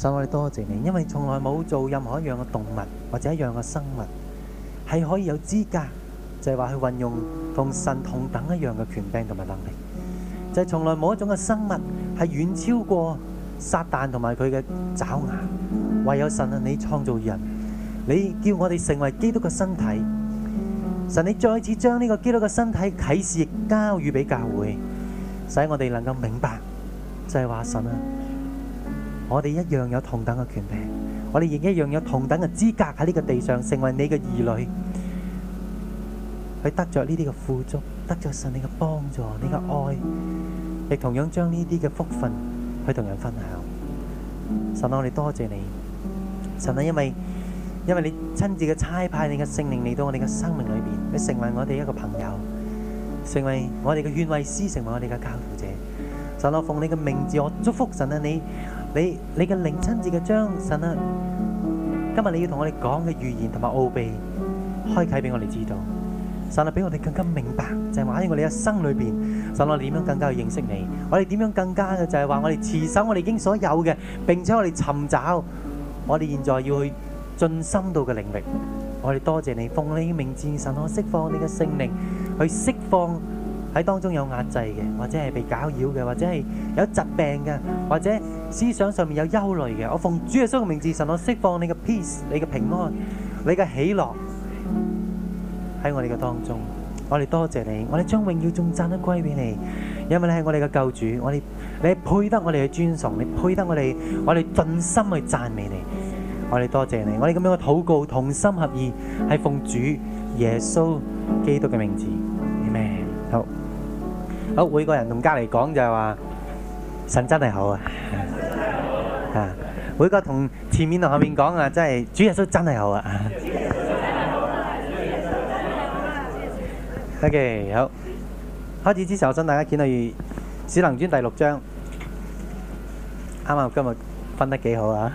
神，我哋多謝你，因為從來冇做任何一樣嘅動物或者一樣嘅生物係可以有資格，就係話去運用同神同等一樣嘅權柄同埋能力，就係從來冇一種嘅生物係遠超過撒旦同埋佢嘅爪牙。唯有神啊，你創造人，你叫我哋成為基督嘅身體。神，你再次將呢個基督嘅身體啟示交予俾教會，使我哋能夠明白，就係話神啊。我哋一樣有同等嘅權利，我哋亦一樣有同等嘅資格喺呢個地上成為你嘅兒女，去得著呢啲嘅富足，得著神你嘅幫助，你嘅愛，亦同樣將呢啲嘅福分去同人分享。神，我哋多謝你，神啊，因為因為你親自嘅差派，你嘅聖靈嚟到我哋嘅生命裏邊，你成為我哋一個朋友，成為我哋嘅勸慰師，成為我哋嘅教導者。神啊，我奉你嘅名字，我祝福神啊，你。你你嘅領親節嘅章，神啊！今日你要同我哋講嘅預言同埋奧秘，開啟俾我哋知道，神啊！俾我哋更加明白，就係話喺我哋一生裏邊，神我哋點樣更加去認識你？我哋點樣更加嘅就係話我哋持守我哋已經所有嘅，並且我哋尋找，我哋現在要去進深度嘅領域。我哋多謝你，奉你名字，主神，我釋放你嘅聖靈去釋放。喺當中有壓制嘅，或者係被攪擾嘅，或者係有疾病嘅，或者思想上面有憂慮嘅，我奉主耶穌嘅名字，神，我釋放你嘅 peace，你嘅平安，你嘅喜樂喺我哋嘅當中。我哋多謝你，我哋將榮耀仲讚得歸俾你，因為你係我哋嘅救主，我哋你係配得我哋嘅尊崇，你配得我哋我哋盡心去讚美你。我哋多謝你，我哋咁樣嘅禱告同心合意，係奉主耶穌基督嘅名字。好，每個人同隔籬講就係話神真係好啊！啊，每個同前面同後面講啊，真係主耶穌真係好啊！O K，好，開始之前我想大家見到《使徒行傳》第六章，啱啱今日分得幾好啊！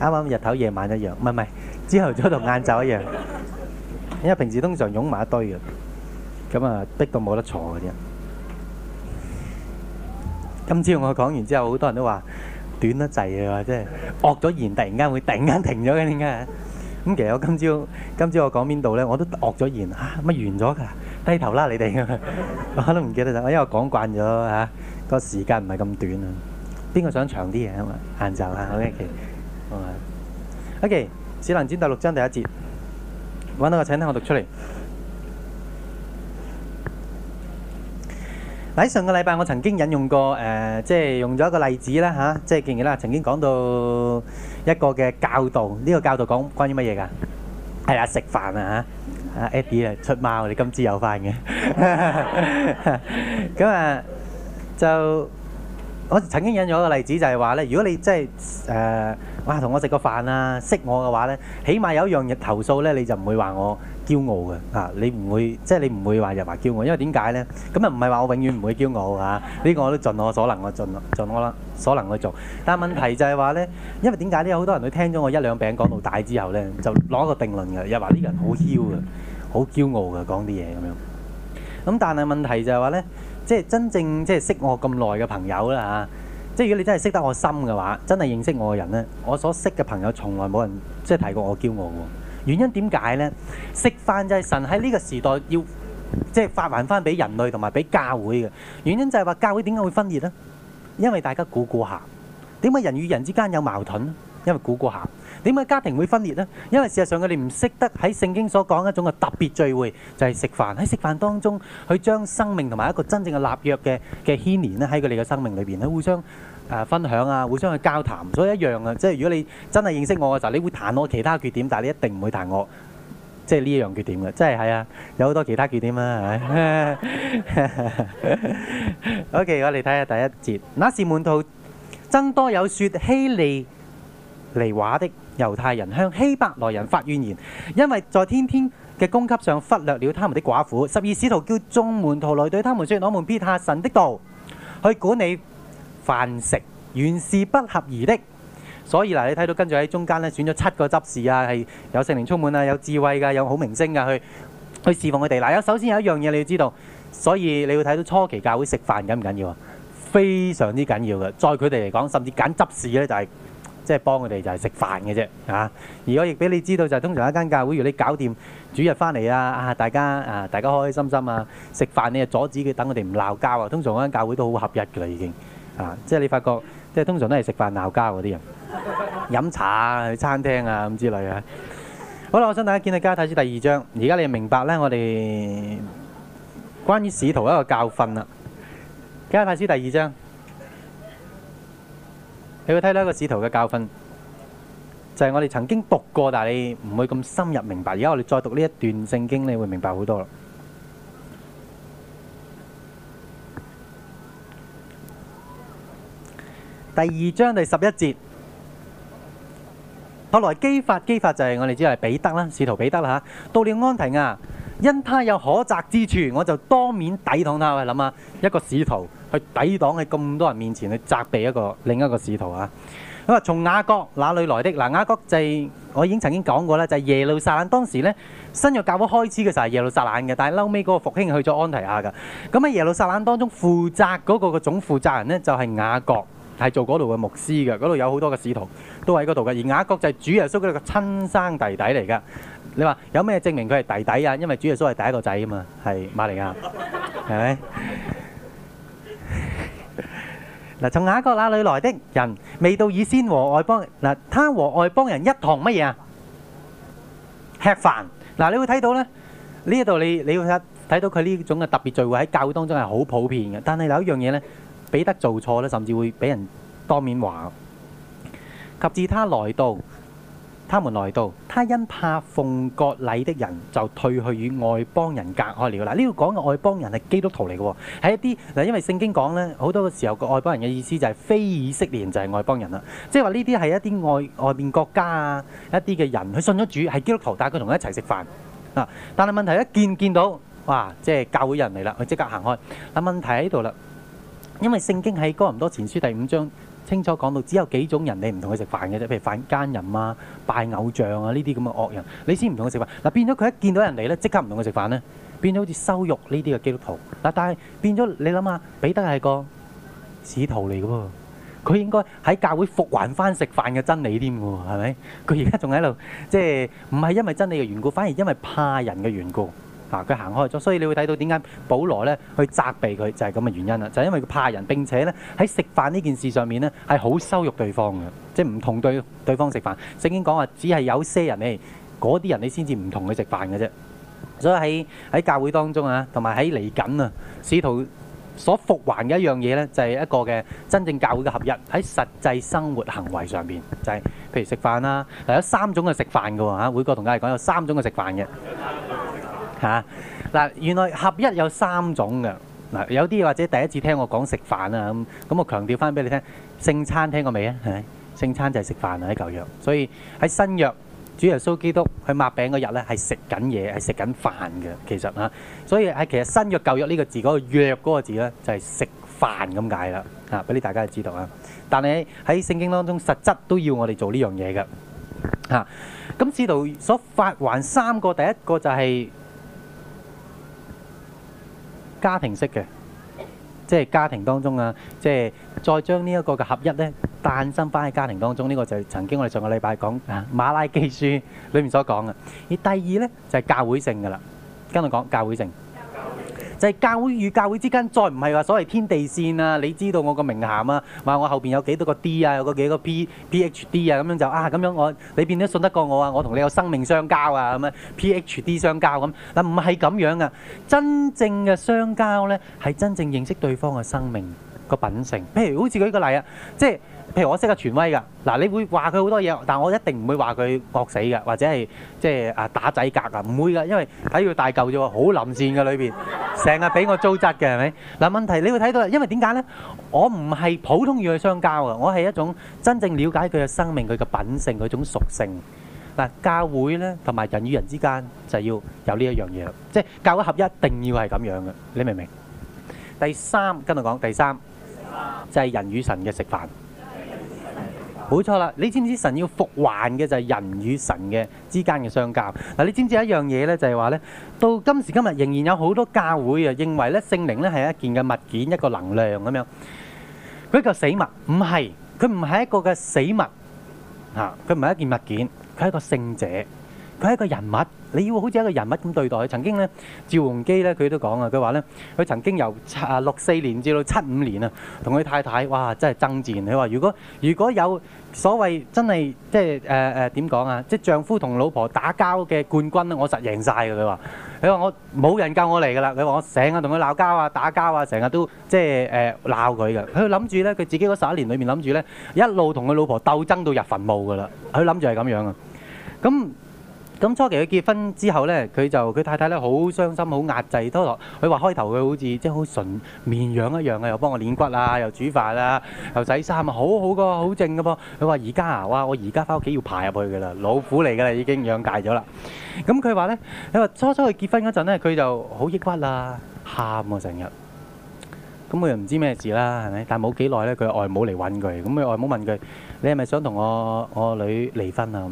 啱啱日頭夜晚一樣，唔係唔係，朝頭早同晏晝一樣，因為平時通常擁埋一堆嘅，咁啊逼到冇得坐嘅啫。今朝我講完之後，好多人都話短得滯啊！話即係惡咗言，突然間會突然間停咗嘅，點解？咁其實我今朝今朝我講邊度咧？我都惡咗言嚇，乜完咗㗎？低頭啦，你哋我都唔記得咗，因為我講慣咗嚇個時間唔係咁短啊。邊個想長啲嘅啊嘛？晏晝啊，好啊，OK，使徒行傳第六章第一節，揾到個請聽我讀出嚟。喺上個禮拜，我曾經引用過誒，即係用咗一個例子啦嚇，即係見到啦，曾經講到一個嘅教導，呢個教導講關於乜嘢㗎？係啊，食飯啊嚇，阿 Edie 啊出貓，你今次有翻嘅。咁啊，就我曾經引用一個例子，就係話咧，如果你即係誒，哇，同我食個飯啊，識我嘅話咧，起碼有一樣嘢投訴咧，你就唔會話我。驕傲嘅，啊，你唔會，即係你唔會話日華驕傲，因為點解呢？咁啊，唔係話我永遠唔會驕傲啊。呢個我都盡我所能嘅，我盡盡我所能去做。但係問題就係話呢，因為點解呢？有好多人都聽咗我一兩餅講道大之後呢，就攞個定論嘅，日華呢個人好囂嘅，好驕傲嘅，講啲嘢咁樣。咁但係問題就係話呢，即係真正即係識我咁耐嘅朋友啦嚇，即係如果你真係識得我心嘅話，真係認識我嘅人呢，我所識嘅朋友從來冇人即係提過我驕傲喎。原因點解呢？食飯就係神喺呢個時代要即係發還返俾人類同埋俾教會嘅原因就係話教會點解會分裂呢？因為大家估估下，點解人與人之間有矛盾咧？因為估估下，點解家庭會分裂呢？因為事實上佢哋唔識得喺聖經所講一種嘅特別聚會就係食飯，喺食飯當中去將生命同埋一個真正嘅立約嘅嘅牽連咧喺佢哋嘅生命裏邊，去互相。誒、啊、分享啊，互相去交談，所以一樣啊。即係如果你真係認識我嘅時候，你會彈我其他缺點，但係你一定唔會彈我即係呢一樣缺點嘅。即係係啊，有好多其他缺點啊。係咪？OK，我哋睇下第一節， 那時，門徒增多，有說希利尼話的猶太人向希伯來人發怨言，因為在天天嘅供給上忽略了他們的寡婦。十二使徒叫眾門徒來對，對他們說：「我們撇下神的道去管理，飯食原是不合宜的，所以嗱，你睇到跟住喺中間咧選咗七個執事啊，係有聖靈充滿啊，有智慧㗎，有好明星㗎，去去侍奉佢哋嗱。有首先有一樣嘢你要知道，所以你要睇到初期教會食飯緊唔緊要啊？非常之緊要嘅，在佢哋嚟講，甚至揀執事咧就係即係幫佢哋就係食飯嘅啫啊。而我亦俾你知道就係通常一間教會，如果你搞掂主日翻嚟啊啊，大家啊大家開開心心啊食飯，你就阻止佢等佢哋唔鬧交啊。通常嗰間教會都好合一㗎啦，已經。啊！即係你發覺，即係通常都係食飯鬧交嗰啲人，飲茶啊、去餐廳啊咁之類嘅。好啦，我想大家見到《加拉太書》第二章，而家你明白呢，我哋關於使徒一個教訓啦。《加拉太書》第二章，你會睇到一個使徒嘅教訓，就係我哋曾經讀過，但係你唔會咁深入明白。而家我哋再讀呢一段聖經，你會明白好多啦。第二章第十一節，後來，磯法磯法就係我哋知係彼得啦，使徒彼得啦吓，到了安提亞，因他有可責之處，我就當面抵擋他。我諗下一個使徒去抵擋，喺咁多人面前去責備一個另一個使徒啊。咁話：從雅各哪裏來的嗱？雅各就係、是、我已經曾經講過啦，就係、是、耶路撒冷當時咧，新約教會開始嘅時候係耶路撒冷嘅，但係後尾嗰個復興去咗安提亞嘅。咁啊，耶路撒冷當中負責嗰個嘅總負責人咧就係、是、雅各。係做嗰度嘅牧師嘅，嗰度有好多嘅使徒都喺嗰度嘅。而雅各就係主耶穌佢嘅親生弟弟嚟嘅。你話有咩證明佢係弟弟啊？因為主耶穌係第一個仔啊嘛，係馬利亞，係 咪是吧？嗱， 從雅各那裏來的人未到以先和外邦嗱，他和外邦人一堂乜嘢啊？吃飯嗱，你會睇到咧呢一度你你會睇到佢呢種嘅特別聚會喺教會當中係好普遍嘅，但係有一樣嘢咧。彼得做錯咧，甚至會俾人當面話。及至他來到，他們來到，他因怕奉割禮的人就退去與外邦人隔開了。嗱，呢度講嘅外邦人係基督徒嚟嘅喎，係一啲嗱，因為聖經講呢，好多嘅時候，個外邦人嘅意思就係、是、非以色列人就係外邦人啦，即係話呢啲係一啲外外面國家啊，一啲嘅人佢信咗主係基督徒，但佢同佢一齊食飯、啊、但係問題一見見到，哇，即係教會人嚟啦，佢即刻行開。但問題喺度啦。因為聖經喺哥林多前書第五章清楚講到，只有幾種人你唔同佢食飯嘅啫，譬如犯奸淫啊、拜偶像啊呢啲咁嘅惡人，你先唔同佢食飯。嗱，變咗佢一見到人嚟咧，即刻唔同佢食飯咧，變咗好似羞辱呢啲嘅基督徒。嗱，但係變咗你諗下，彼得係個使徒嚟嘅喎，佢應該喺教會復還翻食飯嘅真理添嘅喎，係咪？佢而家仲喺度，即係唔係因為真理嘅緣故，反而因為怕人嘅緣故。啊！佢行開咗，所以你會睇到點解保羅咧去責備佢，就係咁嘅原因啦，就係因為佢怕人，並且咧喺食飯呢件事上面咧係好羞辱對方嘅，即係唔同對對方食飯。聖經講話，只係有些人誒，嗰啲人你先至唔同佢食飯嘅啫。所以喺喺教會當中啊，同埋喺嚟緊啊，使徒所復還嘅一樣嘢咧，就係一個嘅真正教會嘅合一喺實際生活行為上邊，就係譬如食飯啦。有三種嘅食飯嘅喎嚇，每個同大家講有三種嘅食飯嘅。嚇嗱，原來合一有三種嘅嗱，有啲或者第一次聽我講食飯啊咁咁，我強調翻俾你聽，聖餐聽過未啊？聖餐就係食飯啊！喺舊約，所以喺新約主耶穌基督去擘餅嗰日咧，係食緊嘢，係食緊飯嘅。其實啊，所以喺其實新約舊約呢個字嗰個約嗰個字咧，就係食飯咁解啦啊！俾啲大家知道啊。但係喺聖經當中，實質都要我哋做呢樣嘢嘅嚇。咁主道所發還三個，第一個就係、是。家庭式嘅，即係家庭當中啊，即係再將呢一個嘅合一咧誕生翻喺家庭當中，呢、這個就係曾經我哋上個禮拜講啊馬拉基書裏面所講嘅。而第二咧就係、是、教會性嘅啦，跟住講教會性。就係、是、教會與教會之間，再唔係話所謂天地線啊！你知道我個名銜啊，話我後邊有幾多個 D 啊，有個幾個 P, PhD 啊，咁樣就啊，咁樣我你變得信得過我啊，我同你有生命相交啊，咁樣 PhD 相交咁，嗱唔係咁樣啊！真正嘅相交咧，係真正認識對方嘅生命個品性。譬如好似舉個例啊，即係。譬如我識個權威㗎，嗱，你會話佢好多嘢，但係我一定唔會話佢惡死㗎，或者係即係啊打仔格㗎，唔會㗎，因為睇佢大嚿啫喎，好臨善嘅裏邊，成日俾我糟質嘅係咪嗱？問題你會睇到，因為點解咧？我唔係普通與佢相交啊，我係一種真正瞭解佢嘅生命，佢嘅品性，佢種屬性嗱。教會咧同埋人與人之間就要有呢一樣嘢，即係教會合一，一定要係咁樣嘅，你明唔明？第三，跟住講第三就係人與神嘅食飯。冇錯啦，你知唔知神要復還嘅就係人與神嘅之間嘅相交，嗱，你知唔知一樣嘢咧？就係話咧，到今時今日仍然有好多教會啊，認為咧聖靈咧係一件嘅物件，一個能量咁樣。佢係一個死物，唔係，佢唔係一個嘅死物吓，佢唔係一件物件，佢係一個聖者。佢係一個人物，你要好似一個人物咁對待。曾經咧，趙宏基咧，佢都講啊，佢話咧，佢曾經由啊六四年至到七五年啊，同佢太太哇真係爭戰。佢話如果如果有所謂真係即係誒誒點講啊，即係丈夫同老婆打交嘅冠軍啊，我實贏曬嘅。佢話佢話我冇人教我嚟㗎啦。佢話我成日同佢鬧交啊、打交啊，成日都即係誒鬧佢㗎。佢諗住咧，佢自己嗰十一年裏面諗住咧，一路同佢老婆鬥爭到入墳墓㗎啦。佢諗住係咁樣啊，咁。咁初期佢結婚之後咧，佢就佢太太咧好傷心，好壓制多落，佢話開頭佢好似即係好純綿羊一樣嘅，又幫我捏骨啊，又煮飯啊，又洗衫啊，好好個，好正個噃。佢話而家啊，哇！我而家翻屋企要爬入去嘅啦，老虎嚟嘅啦，已經養大咗啦。咁佢話咧，佢話初初佢結婚嗰陣咧，佢就好抑鬱啊，喊啊成日。咁佢又唔知咩事啦，係咪？但係冇幾耐咧，佢外母嚟揾佢。咁佢外母問佢：你係咪想同我我女離婚啊？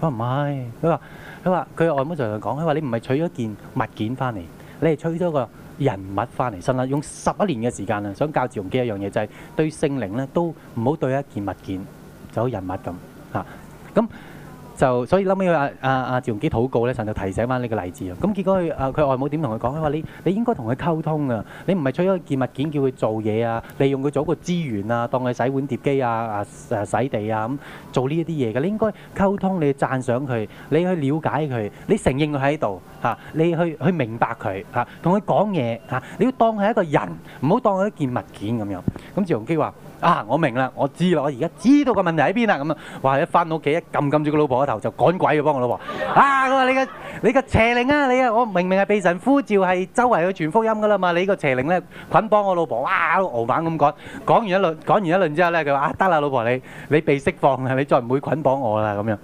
我唔係。佢話。佢話，佢外母就同佢講，佢話，你唔係取咗件物件翻嚟，你係取咗個人物翻嚟。神啊，用十一年嘅時間啊，想教趙鏞基一樣嘢，就係、是、對聖靈咧，都唔好對一件物件，就好人物咁吓咁就所以後屘話阿阿趙容基禱告咧，神就提醒翻呢個例子他啊。咁結果佢阿佢外母點同佢講，佢話你你應該同佢溝通啊！你唔係取咗一件物件叫佢做嘢啊，利用佢做一個資源啊，當佢洗碗碟機啊啊洗地啊，咁做呢一啲嘢嘅。你應該溝通，你讚賞佢，你去了解佢，你承認佢喺度嚇，你去去明白佢嚇，同佢講嘢嚇，你要當係一個人，唔好當係一件物件咁樣。咁趙容基話。啊！我明啦，我知啦，我而家知道個問題喺邊啦，咁啊！哇！一返到屋企，一撳撳住個老婆個頭，就趕鬼去幫我老婆。啊！佢話你個你個邪靈啊！你啊！我明明係被神呼召係周圍去傳福音㗎啦嘛！你個邪靈咧，捆綁我老婆。哇！敖猛咁講，講完一輪講完一輪之後咧，佢話啊，得啦老婆，你你被釋放啦，你再唔會捆綁我啦咁樣。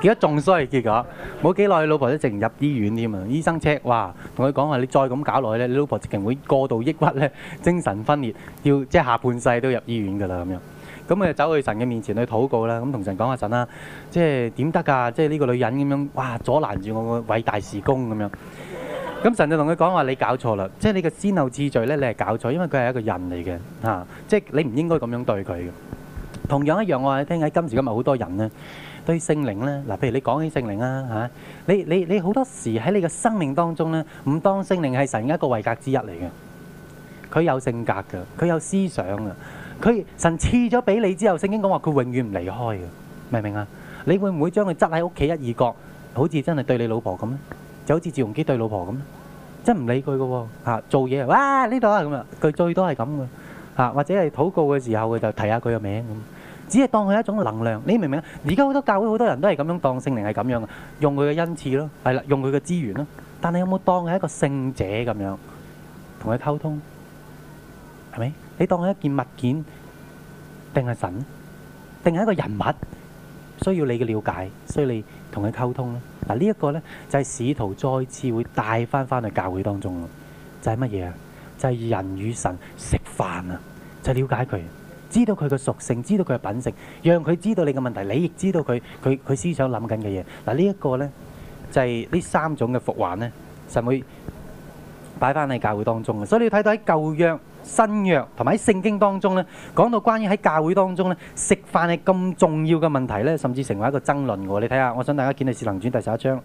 結果仲衰，結果冇幾耐，老婆都直情入醫院添啊！醫生 check，哇，同佢講話：你再咁搞落去咧，你老婆直情會過度抑鬱咧，精神分裂，要即係下半世都入醫院噶啦咁樣。咁佢就走去神嘅面前去禱告啦。咁同神講話神啦、啊，即係點得㗎？即係呢個女人咁樣，哇！阻攔住我個偉大事工咁樣。咁神就同佢講話：你搞錯啦，即係你嘅先後次序咧，你係搞錯，因為佢係一個人嚟嘅嚇，即係你唔應該咁樣對佢嘅。同樣一樣，我話你聽喺今時今日好多人咧。對聖靈咧，嗱，譬如你講起聖靈啦嚇，你你你好多時喺你嘅生命當中咧，唔當聖靈係神一個位格之一嚟嘅，佢有性格嘅，佢有思想嘅，佢神賜咗俾你之後，聖經講話佢永遠唔離開嘅，明唔明啊？你會唔會將佢執喺屋企一二角，好似真係對你老婆咁咧，就好似趙容基對老婆咁咧，真唔理佢嘅喎嚇，做嘢哇呢度啊咁啊，佢最多係咁啊嚇，或者係禱告嘅時候佢就提下佢嘅名咁。只係當佢一種能量，你明唔明啊？而家好多教會好多人都係咁樣當聖靈係咁樣嘅，用佢嘅恩賜咯，係啦，用佢嘅資源咯。但係有冇當係一個聖者咁樣同佢溝通？係咪？你當係一件物件定係神？定係一個人物？需要你嘅了解，需要你同佢溝通咧。嗱、啊這個、呢一個咧就係使徒再次會帶翻翻去教會當中咯，就係乜嘢啊？就係、是、人與神食飯啊！就係、是、了解佢。知道佢嘅屬性，知道佢嘅品性，讓佢知道你嘅問題，你亦知道佢佢佢思想諗緊嘅嘢。嗱呢一個咧，就係呢三種嘅復還咧，神會擺翻喺教會當中嘅。所以你要睇到喺舊約、新約同埋喺聖經當中咧，講到關於喺教會當中咧，食飯係咁重要嘅問題咧，甚至成為一個爭論嘅。你睇下，我想大家見《使徒行傳》第十一章。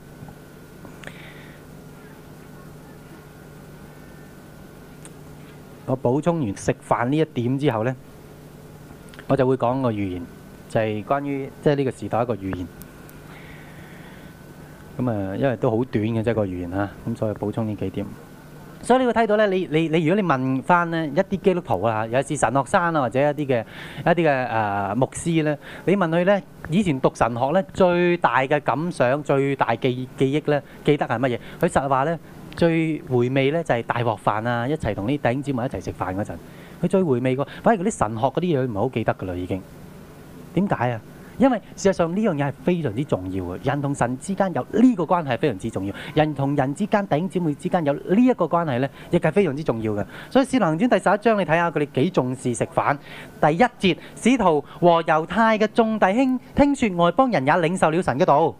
我補充完食飯呢一點之後咧。我就會講個預言，就係關於即係呢個時代一個預言。咁啊，因為都好短嘅，即係個預言啊。咁所以補充呢幾點。所以你會睇到咧，你你你，如果你問翻咧一啲基督徒啊，有時神學生啊，或者一啲嘅一啲嘅誒牧師咧，你問佢咧以前讀神學咧最大嘅感想、最大記記憶咧，記得係乜嘢？佢實話咧最回味咧就係大鑊飯啊，一齊同啲弟兄姊妹一齊食飯嗰陣。佢最回味個，反而嗰啲神學嗰啲嘢佢唔係好記得㗎啦，已經。點解啊？因為事實上呢樣嘢係非常之重要嘅。人同神之間有呢個關係係非常之重要。人同人之間弟兄姊妹之間有呢一個關係呢，亦係非常之重要嘅。所以《使徒行傳》第十一章你睇下佢哋幾重視食飯。第一節，使徒和猶太嘅眾弟兄聽說外邦人也領受了神嘅道。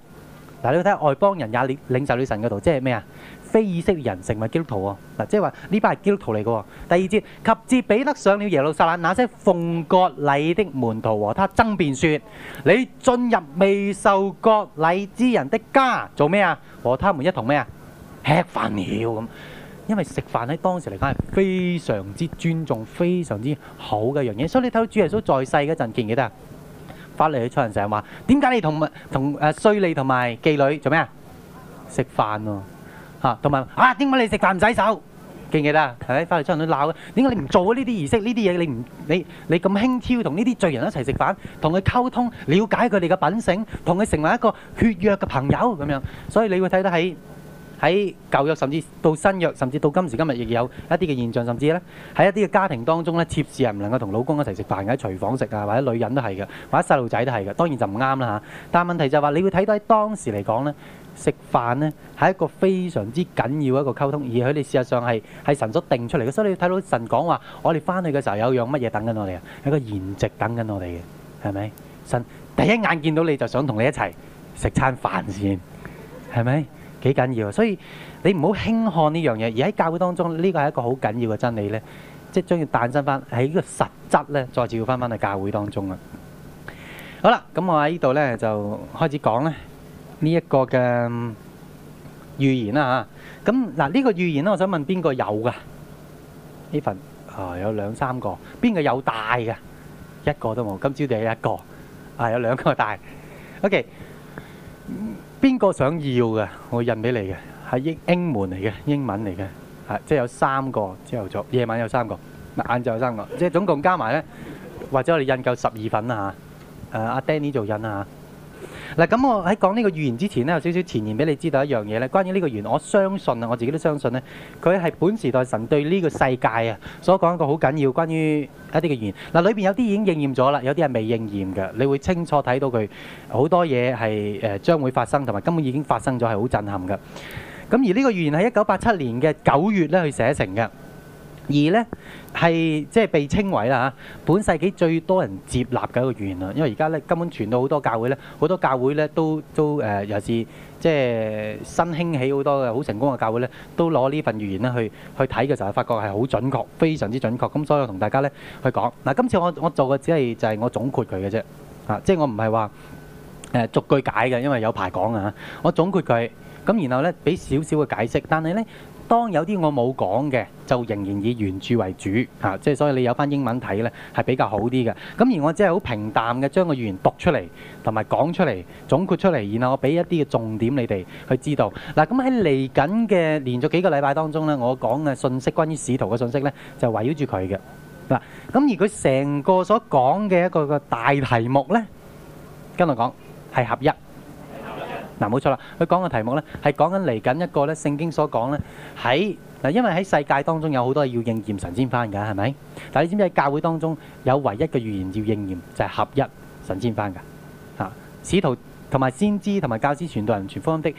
嗱，你睇下外邦人也領領受了神嘅道，即係咩啊？非以色列人成為基督徒啊，即係話呢班係基督徒嚟嘅啊。第二節，及至彼得上了耶路撒冷，那些奉割禮的門徒和他爭辯說：你進入未受割禮之人的家做咩啊？和他們一同咩啊？吃飯了咁，因為食飯喺當時嚟講係非常之尊重、非常之好嘅一樣嘢。所以你睇到主耶穌在世嗰陣記唔記得啊？法利賽人成日話：點解你同埋同誒稅吏同埋妓女做咩啊？食飯咯。啊，同埋啊，點解你食飯唔洗手？記唔記得？係返嚟出去鬧啊。點解你唔做呢啲儀式？呢啲嘢你唔你你咁輕佻，同呢啲罪人一齊食飯，同佢溝通，瞭解佢哋嘅品性，同佢成為一個血約嘅朋友咁樣。所以你會睇到喺喺舊約，甚至到新約，甚至到今時今日，亦有一啲嘅現象，甚至咧喺一啲嘅家庭當中咧，妾侍係唔能夠同老公一齊食飯嘅，喺廚房食啊，或者女人都係嘅，或者細路仔都係嘅，當然就唔啱啦嚇。但係問題就係話，你會睇到喺當時嚟講咧。食飯呢係一個非常之緊要嘅一個溝通，而佢哋事實上係係神所定出嚟嘅，所以你睇到神講話，我哋翻去嘅時候有樣乜嘢等緊我哋啊？係個筵席等緊我哋嘅，係咪？神第一眼見到你就想同你一齊食餐飯先，係咪？幾緊要？所以你唔好輕看呢樣嘢，而喺教會當中呢個係一個好緊要嘅真理呢，即將要誕生翻喺呢個實質呢，再次要翻翻去教會當中啊！好啦，咁我喺呢度呢，就開始講咧。呢、這、一個嘅預言啦、啊、嚇，咁嗱呢個預言咧、啊，我想問邊個有㗎？呢份啊、哦、有兩三個，邊個有大嘅？一個都冇，今朝定係一個啊，有兩個大嘅。O.K. 邊個想要嘅？我印俾你嘅係英英文嚟嘅，英文嚟嘅，係即係有三個朝頭早夜晚有三個，晏晝有三個，即係、嗯、總共加埋咧，或者我哋印夠十二份啊。嚇、啊。誒阿 Danny 做印啊。嚇。嗱，咁我喺講呢個預言之前咧，有少少前言俾你知道一樣嘢咧，關於呢個預言，我相信啊，我自己都相信咧，佢係本時代神對呢個世界啊所講一個好緊要關於一啲嘅預言。嗱，裏面有啲已經應驗咗啦，有啲係未應驗嘅，你會清楚睇到佢好多嘢係誒將會發生，同埋根本已經發生咗，係好震撼噶。咁而呢個預言係一九八七年嘅九月咧去寫成嘅。而呢，係即係被稱為啦嚇、啊，本世紀最多人接納嘅一個預言啦，因為而家呢，根本傳到好多教會呢，好多教會呢，都都誒又、呃、尤其是即係新興起好多嘅好成功嘅教會呢，都攞呢份預言呢去去睇嘅時候，發覺係好準確，非常之準確。咁所以我同大家呢去講嗱、啊，今次我我做嘅只係就係、是、我總括佢嘅啫啊，即係我唔係話誒逐句解嘅，因為有排講啊，我總括佢。咁然後呢，俾少少嘅解釋。但係呢，當有啲我冇講嘅，就仍然以原著為主啊！即係所以你有翻英文睇呢，係比較好啲嘅。咁、啊、而我只係好平淡嘅，將個語言讀出嚟，同埋講出嚟，總括出嚟。然後我俾一啲嘅重點，你哋去知道。嗱、啊，咁喺嚟緊嘅連續幾個禮拜當中呢，我講嘅信息關於使徒嘅信息呢，就圍繞住佢嘅嗱。咁、啊啊、而佢成個所講嘅一個個大題目呢，跟住講係合一。嗱，冇錯啦，佢講嘅題目咧，係講緊嚟緊一個咧，聖經所講咧，喺嗱，因為喺世界當中有好多要應驗神先返嘅，係咪？但係你知唔知喺教會當中有唯一嘅預言要應驗就係合一神先返嘅嚇。使徒同埋先知同埋教師、傳道人、傳福音的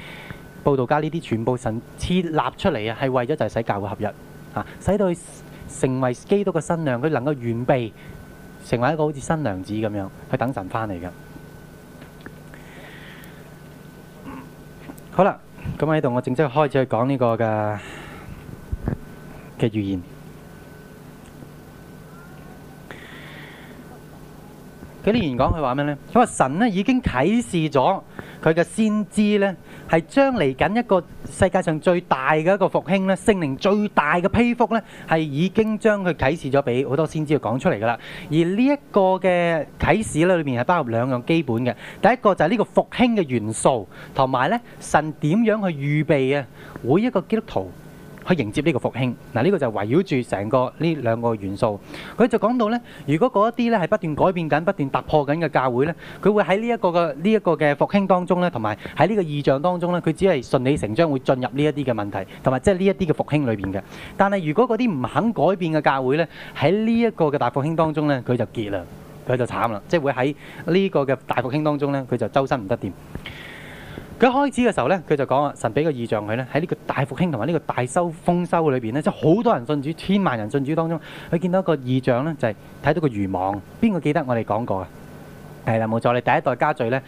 佈道家呢啲全部神設立出嚟啊，係為咗就係使教會合一啊，使到佢成為基督嘅新娘，佢能夠完備成為一個好似新娘子咁樣去等神返嚟㗎。好啦，咁喺度我正式開始去講呢個嘅嘅預言。佢啲預言講佢話咩咧？佢話神咧已經啟示咗佢嘅先知咧。係將嚟緊一個世界上最大嘅一個復興咧，聖靈最大嘅批覆咧，係已經將佢啟示咗俾好多先知去講出嚟噶啦。而呢一個嘅啟示咧，裏面係包含兩樣基本嘅，第一個就係呢個復興嘅元素，同埋咧神點樣去預備啊每一個基督徒，去迎接呢個復興，嗱，呢個就係圍繞住成個呢兩個元素。佢就講到咧，如果嗰一啲咧係不斷改變緊、不斷突破緊嘅教會咧，佢會喺呢一個嘅呢一個嘅復興當中咧，同埋喺呢個意象當中咧，佢只係順理成章會進入呢一啲嘅問題，同埋即係呢一啲嘅復興裏邊嘅。但係如果嗰啲唔肯改變嘅教會咧，喺呢一個嘅大復興當中咧，佢就結啦，佢就慘啦，即係會喺呢個嘅大復興當中咧，佢就周身唔得掂。佢一開始嘅時候咧，佢就講啊，神俾個異象佢咧，喺呢個大復興同埋呢個大收豐收嘅裏邊咧，即係好多人信主，千萬人信主當中，佢見到一個異象咧，就係睇到個漁網。邊個記得我哋講過啊？係啦，冇錯，你第一代家敘咧，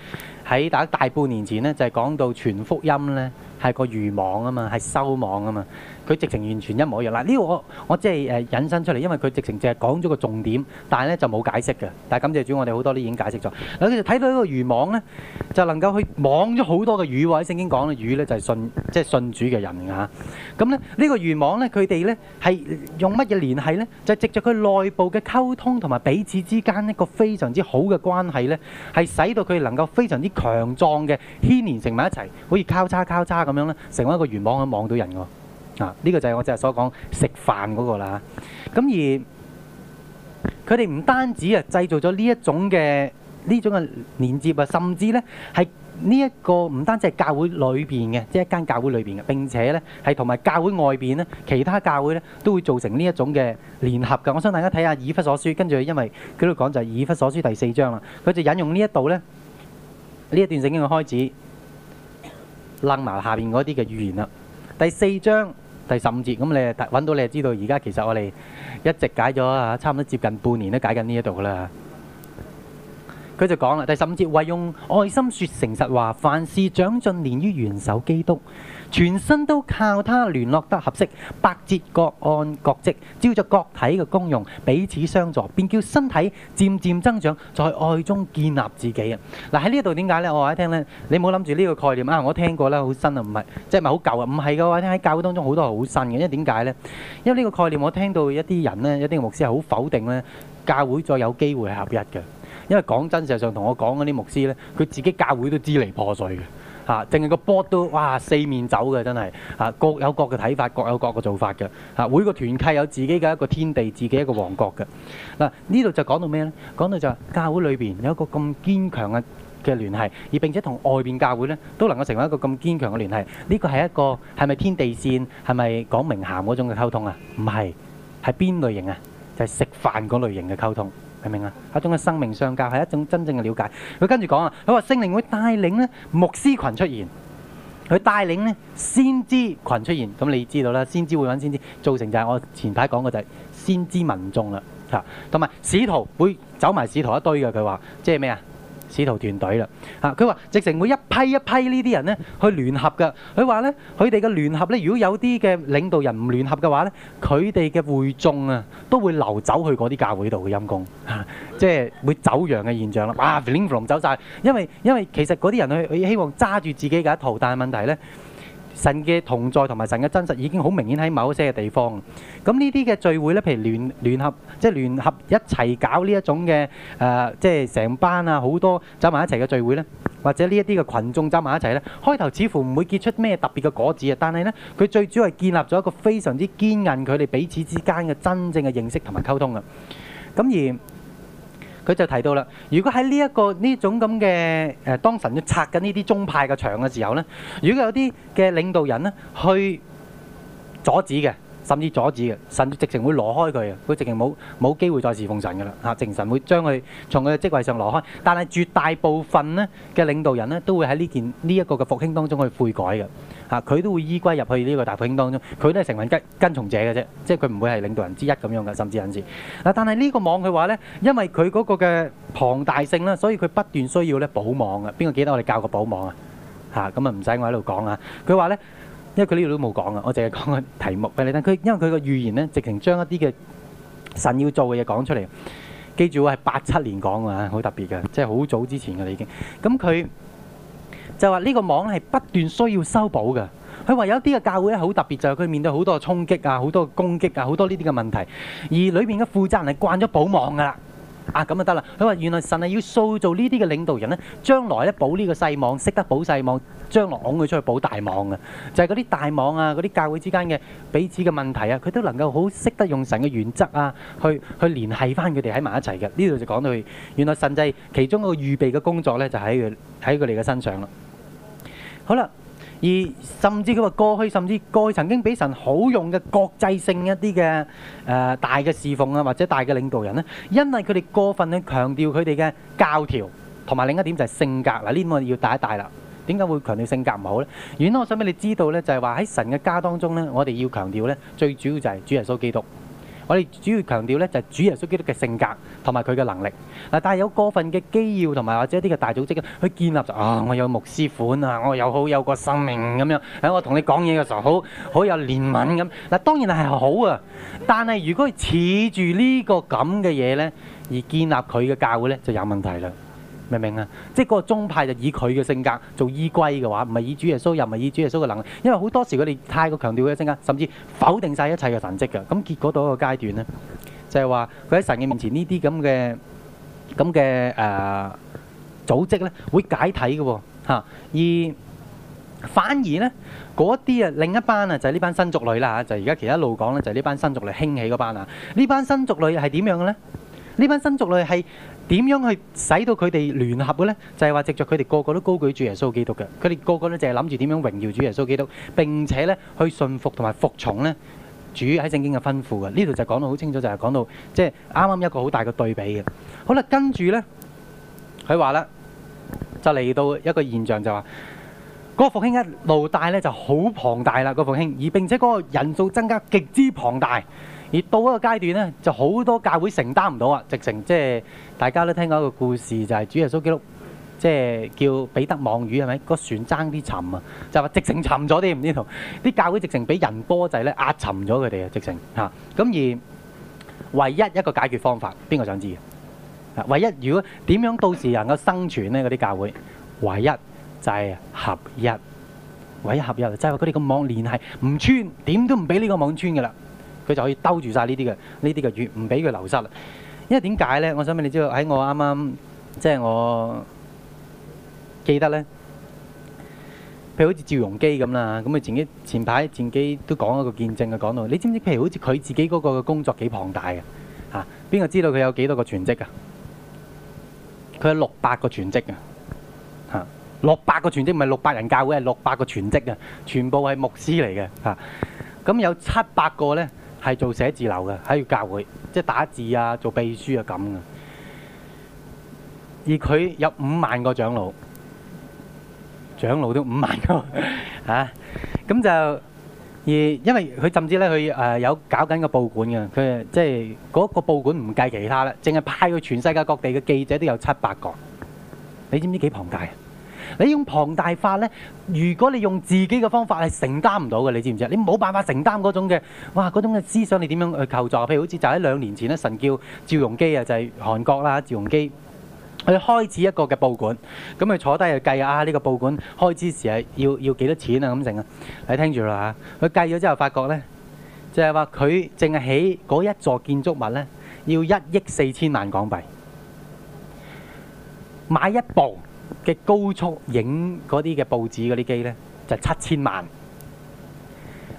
喺大大半年前咧，就係講到全福音咧，係個漁網啊嘛，係收網啊嘛。佢直情完全一模一樣嗱。呢、這個我我即係誒引申出嚟，因為佢直情淨係講咗個重點，但係咧就冇解釋嘅。但係感謝主，我哋好多都已經解釋咗。嗱，佢就睇到這個呢個漁網咧，就能夠去網咗好多嘅魚或者聖經講嘅魚咧就係信即係、就是、信主嘅人㗎。咁咧呢個漁網咧，佢哋咧係用乜嘢聯繫咧？就藉着佢內部嘅溝通同埋彼此之間一個非常之好嘅關係咧，係使到佢能夠非常之強壯嘅牽連成埋一齊，好似交叉交叉咁樣咧，成為一個漁網去網到人㗎。啊！呢個就係我今日所講食飯嗰個啦嚇。咁而佢哋唔單止啊，製造咗呢一種嘅呢種嘅連接啊，甚至咧係呢一個唔單止係教會裏邊嘅，即係一間教會裏邊嘅，並且咧係同埋教會外邊咧其他教會咧都會造成呢一種嘅聯合嘅。我想大家睇下以弗所書，跟住因為佢都講就係以弗所書第四章啦，佢就引用呢一度咧呢一段聖經嘅開始，攬埋下邊嗰啲嘅語言啦。第四章。第十五節，咁你揾到你就知道，而家其實我哋一直解咗啊，差唔多接近半年都解緊呢一度啦。佢就講啦，第十五節，惟用愛心說誠實話，凡事長進，連於元首基督。全身都靠他聯絡得合適，百節各按各職，照着各體嘅功用彼此相助，便叫身體漸漸增長，在愛中建立自己啊！嗱，喺呢度點解呢？我話你聽呢，你唔好諗住呢個概念啊！我聽過啦，好新啊，唔係即係咪好舊啊？唔係嘅話，聽喺教會當中好多係好新嘅，因為點解呢？因為呢個概念我聽到一啲人呢，一啲牧師係好否定呢，教會再有機會合一嘅，因為講真實上同我講嗰啲牧師呢，佢自己教會都支離破碎嘅。嚇，淨係個波都哇四面走嘅，真係嚇，各有各嘅睇法，各有各嘅做法嘅嚇，每個團契有自己嘅一個天地，自己一個王國嘅。嗱，呢度就講到咩呢？講到就教會裏邊有一個咁堅強嘅嘅聯繫，而並且同外邊教會呢都能夠成為一個咁堅強嘅聯繫，呢個係一個係咪天地線？係咪講明函嗰種嘅溝通啊？唔係，係邊類型啊？就係食飯嗰類型嘅溝通。明唔明啊？一種嘅生命相交係一種真正嘅了解。佢跟住講啊，佢話聖靈會帶領咧牧師群出現，佢帶領咧先知群出現。咁你知道啦，先知會揾先知，造成就係我前排講嘅就係先知民眾啦，嚇，同埋使徒會走埋使徒一堆嘅。佢話即係咩啊？使徒團隊啦，啊！佢話直情會一批一批這些呢啲人咧去聯合㗎。佢話咧，佢哋嘅聯合咧，如果有啲嘅領導人唔聯合嘅話咧，佢哋嘅會眾啊都會流走去嗰啲教會度嘅，陰功，即係、啊就是、會走羊嘅現象啦。哇！link from 走晒！因為因為其實嗰啲人去希望揸住自己嘅頭，但係問題咧。神嘅同在同埋神嘅真實已經好明顯喺某一些嘅地方。咁呢啲嘅聚會咧，譬如聯聯合，即係聯合一齊搞呢一種嘅誒、呃，即係成班啊，好多走埋一齊嘅聚會呢，或者呢一啲嘅群眾走埋一齊呢，開頭似乎唔會結出咩特別嘅果子啊，但係呢，佢最主要係建立咗一個非常之堅韌，佢哋彼此之間嘅真正嘅認識同埋溝通啊。咁而佢就提到啦，如果喺呢一個呢種咁嘅誒，當神要拆緊呢啲宗派嘅牆嘅時候呢，如果有啲嘅領導人呢去阻止嘅。甚至阻止嘅，甚至直情會攞開佢嘅，佢直情冇冇機會再侍奉神嘅啦。嚇，直情神會將佢從佢嘅職位上攞開。但係絕大部分咧嘅領導人咧，都會喺呢件呢一個嘅復興當中去悔改嘅。嚇，佢都會依歸入去呢個大復興當中，佢都係成為跟跟從者嘅啫，即係佢唔會係領導人之一咁樣嘅，甚至甚至。嗱，但係呢個網佢話咧，因為佢嗰個嘅龐大性啦，所以佢不斷需要咧補網嘅。邊個記得我哋教過補網啊？嚇，咁啊唔使我喺度講啊。佢話咧。因為佢呢度都冇講啊，我淨係講個題目俾你聽。但佢因為佢個預言咧，直情將一啲嘅神要做嘅嘢講出嚟。記住我係八七年講㗎啊，好特別嘅，即係好早之前㗎啦已經。咁佢就話呢個網係不斷需要修補㗎。佢話有一啲嘅教會咧好特別，就係佢面對好多嘅衝擊啊、好多嘅攻擊啊、好多呢啲嘅問題，而裏面嘅負責人係慣咗保網㗎啦。啊，咁就得啦！佢話原來神係要塑造呢啲嘅領導人咧，將來咧補呢個細網，識得補細網，將來㧬佢出去補大網啊，就係嗰啲大網啊，嗰啲教會之間嘅彼此嘅問題啊，佢都能夠好識得用神嘅原則啊，去去聯繫翻佢哋喺埋一齊嘅。呢度就講到佢，原來神就係其中一個預備嘅工作咧，就喺佢喺佢哋嘅身上啦。好啦。而甚至佢話過去，甚至過去曾經俾神好用嘅國際性一啲嘅誒大嘅侍奉啊，或者大嘅領導人呢，因為佢哋過分去強調佢哋嘅教條，同埋另一點就係性格。嗱，呢點我哋要帶一帶啦。點解會強調性格唔好呢？原來我想俾你知道呢，就係話喺神嘅家當中呢，我哋要強調呢，最主要就係主耶穌基督。我哋主要強調咧，就係主耶穌基督嘅性格同埋佢嘅能力。嗱，但係有過分嘅機要同埋或者啲嘅大組織去建立就啊、哦，我有牧師款啊，我又好有個生命咁樣。喺我同你講嘢嘅時候好，好好有憐憫咁。嗱，當然係好啊，但係如果似住呢個咁嘅嘢咧，而建立佢嘅教會咧，就有問題啦。明唔明啊？即係嗰個宗派就以佢嘅性格做依歸嘅話，唔係以主耶穌，又唔係以主耶穌嘅能力。因為好多時佢哋太過強調佢嘅性格，甚至否定晒一切嘅神跡㗎。咁結果到一個階段咧，就係話佢喺神嘅面前呢啲咁嘅咁嘅誒組織咧，會解體嘅嚇、哦啊。而反而咧，嗰啲啊另一班啊就係呢班新族類啦嚇，就而家其實一路講咧就係呢班新族類興起嗰班啊。呢班新族類係點樣嘅咧？呢班新族類係。點樣去使到佢哋聯合嘅呢？就係話藉着佢哋個個都高舉住耶穌基督嘅，佢哋個個呢，就係諗住點樣榮耀主耶穌基督，並且呢去信服同埋服從呢主喺聖經嘅吩咐嘅。呢度就講到好清楚，就係、是、講到即係啱啱一個好大嘅對比嘅。好啦，跟住呢，佢話咧就嚟到一個現象就話、是，嗰、嗰個復興一路帶呢就好龐大啦，嗰個復興，而並且嗰個人數增加極之龐大。而到一個階段咧，就好多教會承擔唔到啊！直情，即係大家都聽過一個故事，就係、是、主耶穌基督即係叫彼得網魚係咪？個船爭啲沉啊！就話、是、直情沉咗啲唔知同啲教會直情俾人波仔咧壓沉咗佢哋啊！直情。嚇咁而唯一一個解決方法，邊個想知嘅？唯一如果點樣到時能夠生存呢？嗰啲教會唯一就係合一，唯一合一就係話佢哋個網連係唔穿，點都唔俾呢個網穿嘅啦。佢就可以兜住晒呢啲嘅，呢啲嘅越唔俾佢流失。因為點解咧？我想問你知道喺我啱啱即係我記得咧，譬如好似趙鏞基咁啦，咁佢前一前排前幾都講了一個見證嘅講到，你知唔知？譬如好似佢自己嗰個嘅工作幾龐大嘅嚇，邊、啊、個知道佢有幾多個全職啊？佢有六百個全職啊嚇，六、啊、百個全職唔係六百人教會係六百個全職啊，全部係牧師嚟嘅嚇。咁、啊、有七百個咧。係做寫字樓嘅喺度教會，即係打字啊、做秘書啊咁嘅。而佢有五萬個長老，長老都五萬個嚇。咁就而因為佢甚至咧，佢誒有搞緊個報館嘅，佢即係嗰個報館唔計其他啦，淨係派去全世界各地嘅記者都有七八個，你知唔知幾龐大啊？你用龐大化咧，如果你用自己嘅方法係承擔唔到嘅，你知唔知啊？你冇辦法承擔嗰種嘅，哇，嗰種嘅思想你點樣去構造啊？譬如好似就喺兩年前咧，神叫趙容基啊，就係、是、韓國啦，趙容基去開始一個嘅報館，咁佢坐低去計啊，呢、這個報館開支時係要要幾多錢啊咁成啊？你聽住啦嚇，佢計咗之後發覺咧，就係話佢淨係起嗰一座建築物咧，要一億四千萬港幣買一部。嘅高速影嗰啲嘅報紙嗰啲機呢，就七千萬，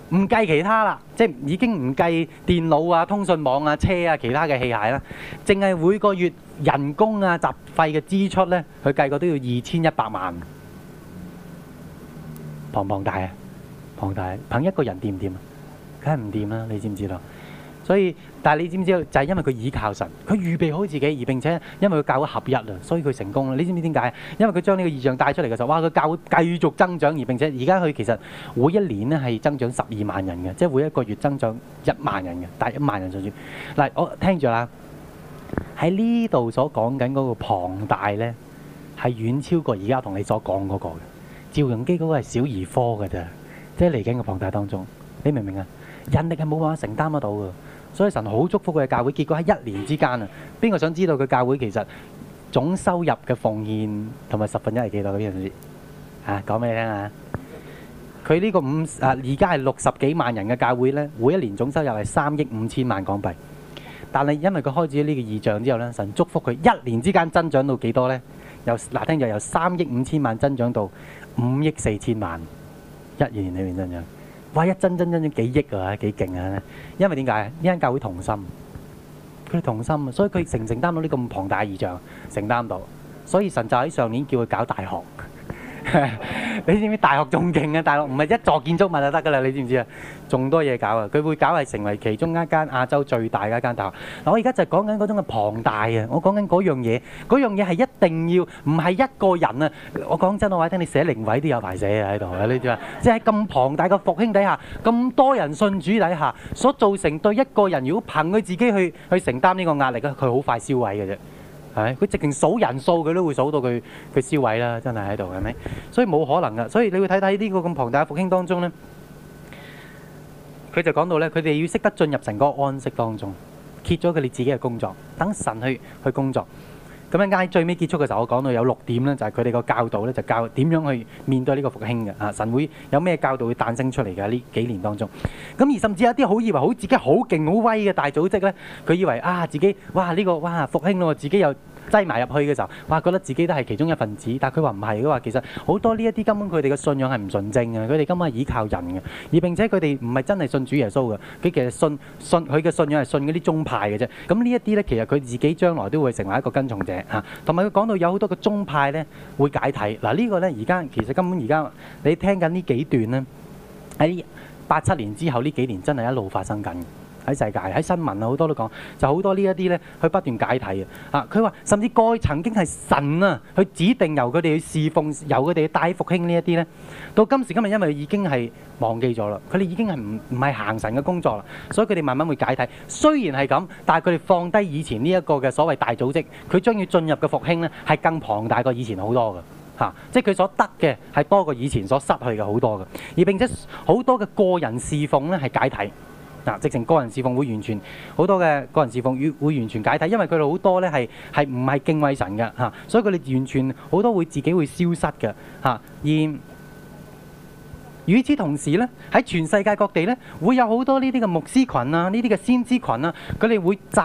唔計其他啦，即係已經唔計電腦啊、通訊網啊、車啊其他嘅器械啦，淨係每個月人工啊雜費嘅支出呢，佢計過都要二千一百萬，龐、龐大啊，龐大，憑一個人掂唔掂啊？梗係唔掂啦，你知唔知道？所以，但係你知唔知啊？就係因為佢倚靠神，佢預備好自己，而並且因為佢教會合一啊，所以佢成功啦。你知唔知點解？因為佢將呢個異象帶出嚟嘅時候，哇！佢教會繼續增長，而並且而家佢其實每一年咧係增長十二萬人嘅，即係每一個月增長一萬人嘅，但係一萬人上。嗱，我聽住啦，喺呢度所講緊嗰個龐大呢，係遠超過而家同你所講嗰個嘅。趙鏞基嗰個係小兒科㗎咋，即係嚟緊個龐大當中，你明唔明啊？人力係冇辦法承擔得到㗎。所以神好祝福佢嘅教會，結果喺一年之間啊，邊個想知道佢教會其實總收入嘅奉獻同埋十分一係幾多？呢件事講俾你聽啊！佢呢個五啊，而家係六十幾萬人嘅教會呢，每一年總收入係三億五千萬港幣。但係因為佢開始呢個異象之後呢，神祝福佢一年之間增長到幾多呢？由嗱、啊、聽就由三億五千萬增長到五億四千萬，一年裏面增長。哇！一真真真真幾億啊，幾勁啊！因為點解啊？呢間教會同心，佢哋同心，所以佢承承擔到呢咁龐大異象，承擔到，所以神就喺上年叫佢搞大學。你知唔知大學仲勁啊？大學唔係一座建築物就得㗎喇，你知唔知啊？仲多嘢搞啊！佢會搞係成為其中一間亞洲最大嘅一間大學。我而家就講緊嗰種嘅龐大啊！我講緊嗰樣嘢，嗰樣嘢係一定要唔係一個人啊！我講真，我話聽你寫靈位都有排寫啊！喺度啊，呢啲啊，即係咁龐大嘅復興底下，咁多人信主底下，所造成對一個人，如果憑佢自己去去承擔呢個壓力咧，佢好快消毀嘅啫。係，佢直情數人數，佢都會數到佢佢消毀啦，真係喺度係咪？所以冇可能㗎。所以你會睇睇呢個咁龐大嘅復興當中咧，佢就講到咧，佢哋要識得進入神嗰個安息當中，歇咗佢哋自己嘅工作，等神去去工作。咁樣喺最尾結束嘅時候，我講到有六點咧，就係佢哋個教導咧，就教點樣去面對呢個復興嘅啊！神會有咩教導會誕生出嚟嘅喺呢幾年當中？咁而甚至有啲好以為好自己好勁好威嘅大組織咧，佢以為啊自己哇呢個哇復興咯，自己又～擠埋入去嘅時候，哇！覺得自己都係其中一份子，但係佢話唔係，佢話其實好多呢一啲根本佢哋嘅信仰係唔純正嘅，佢哋根本係依靠人嘅，而並且佢哋唔係真係信主耶穌嘅，佢其實信信佢嘅信仰係信嗰啲宗派嘅啫。咁呢一啲呢，其實佢自己將來都會成為一個跟從者嚇。同埋佢講到有好多個宗派呢會解體嗱，呢個呢，而家其實根本而家你聽緊呢幾段呢，喺八七年之後呢幾年真係一路發生緊。喺世界，喺新聞啊，好多都講，就好多呢一啲呢，佢不斷解體啊！啊，佢話甚至該曾經係神啊，佢指定由佢哋去侍奉，由佢哋去帶復興呢一啲呢。到今時今日，因為佢已經係忘記咗啦，佢哋已經係唔唔係行神嘅工作啦，所以佢哋慢慢會解體。雖然係咁，但係佢哋放低以前呢一個嘅所謂大組織，佢將要進入嘅復興呢，係更龐大過以前好多嘅嚇。啊，即係佢所得嘅係多過以前所失去嘅好多嘅，而並且好多嘅個人侍奉呢，係解體。嗱、啊，直情個人侍奉會完全好多嘅個人侍奉，越會完全解體，因為佢哋好多咧係係唔係敬畏神嘅嚇、啊，所以佢哋完全好多會自己會消失嘅嚇、啊。而與此同時咧，喺全世界各地咧，會有好多呢啲嘅牧師群啊，呢啲嘅先知群啊，佢哋會集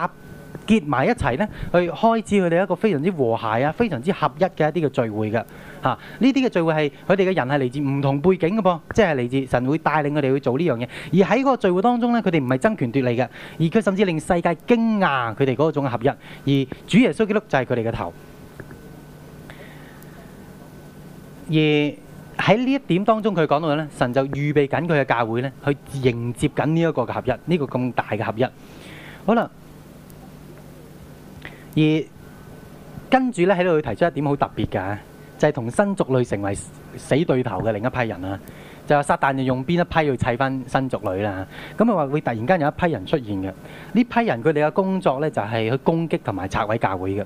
結埋一齊咧，去開始佢哋一個非常之和諧啊，非常之合一嘅一啲嘅聚會嘅。啊！呢啲嘅聚會係佢哋嘅人係嚟自唔同背景嘅噃，即係嚟自神會帶領佢哋去做呢樣嘢。而喺嗰個聚會當中咧，佢哋唔係爭權奪利嘅，而佢甚至令世界驚訝佢哋嗰種合一。而主耶穌基督就係佢哋嘅頭。而喺呢一點當中，佢講到咧，神就預備緊佢嘅教會咧，去迎接緊呢一個嘅合一，呢個咁大嘅合一。好啦，而跟住咧喺度提出一點好特別嘅。就係同新族類成為死對頭嘅另一批人啊，就係撒旦就用邊一批去砌翻新族類啦，咁啊，話會突然間有一批人出現嘅，呢批人佢哋嘅工作咧就係去攻擊同埋拆毀教會嘅。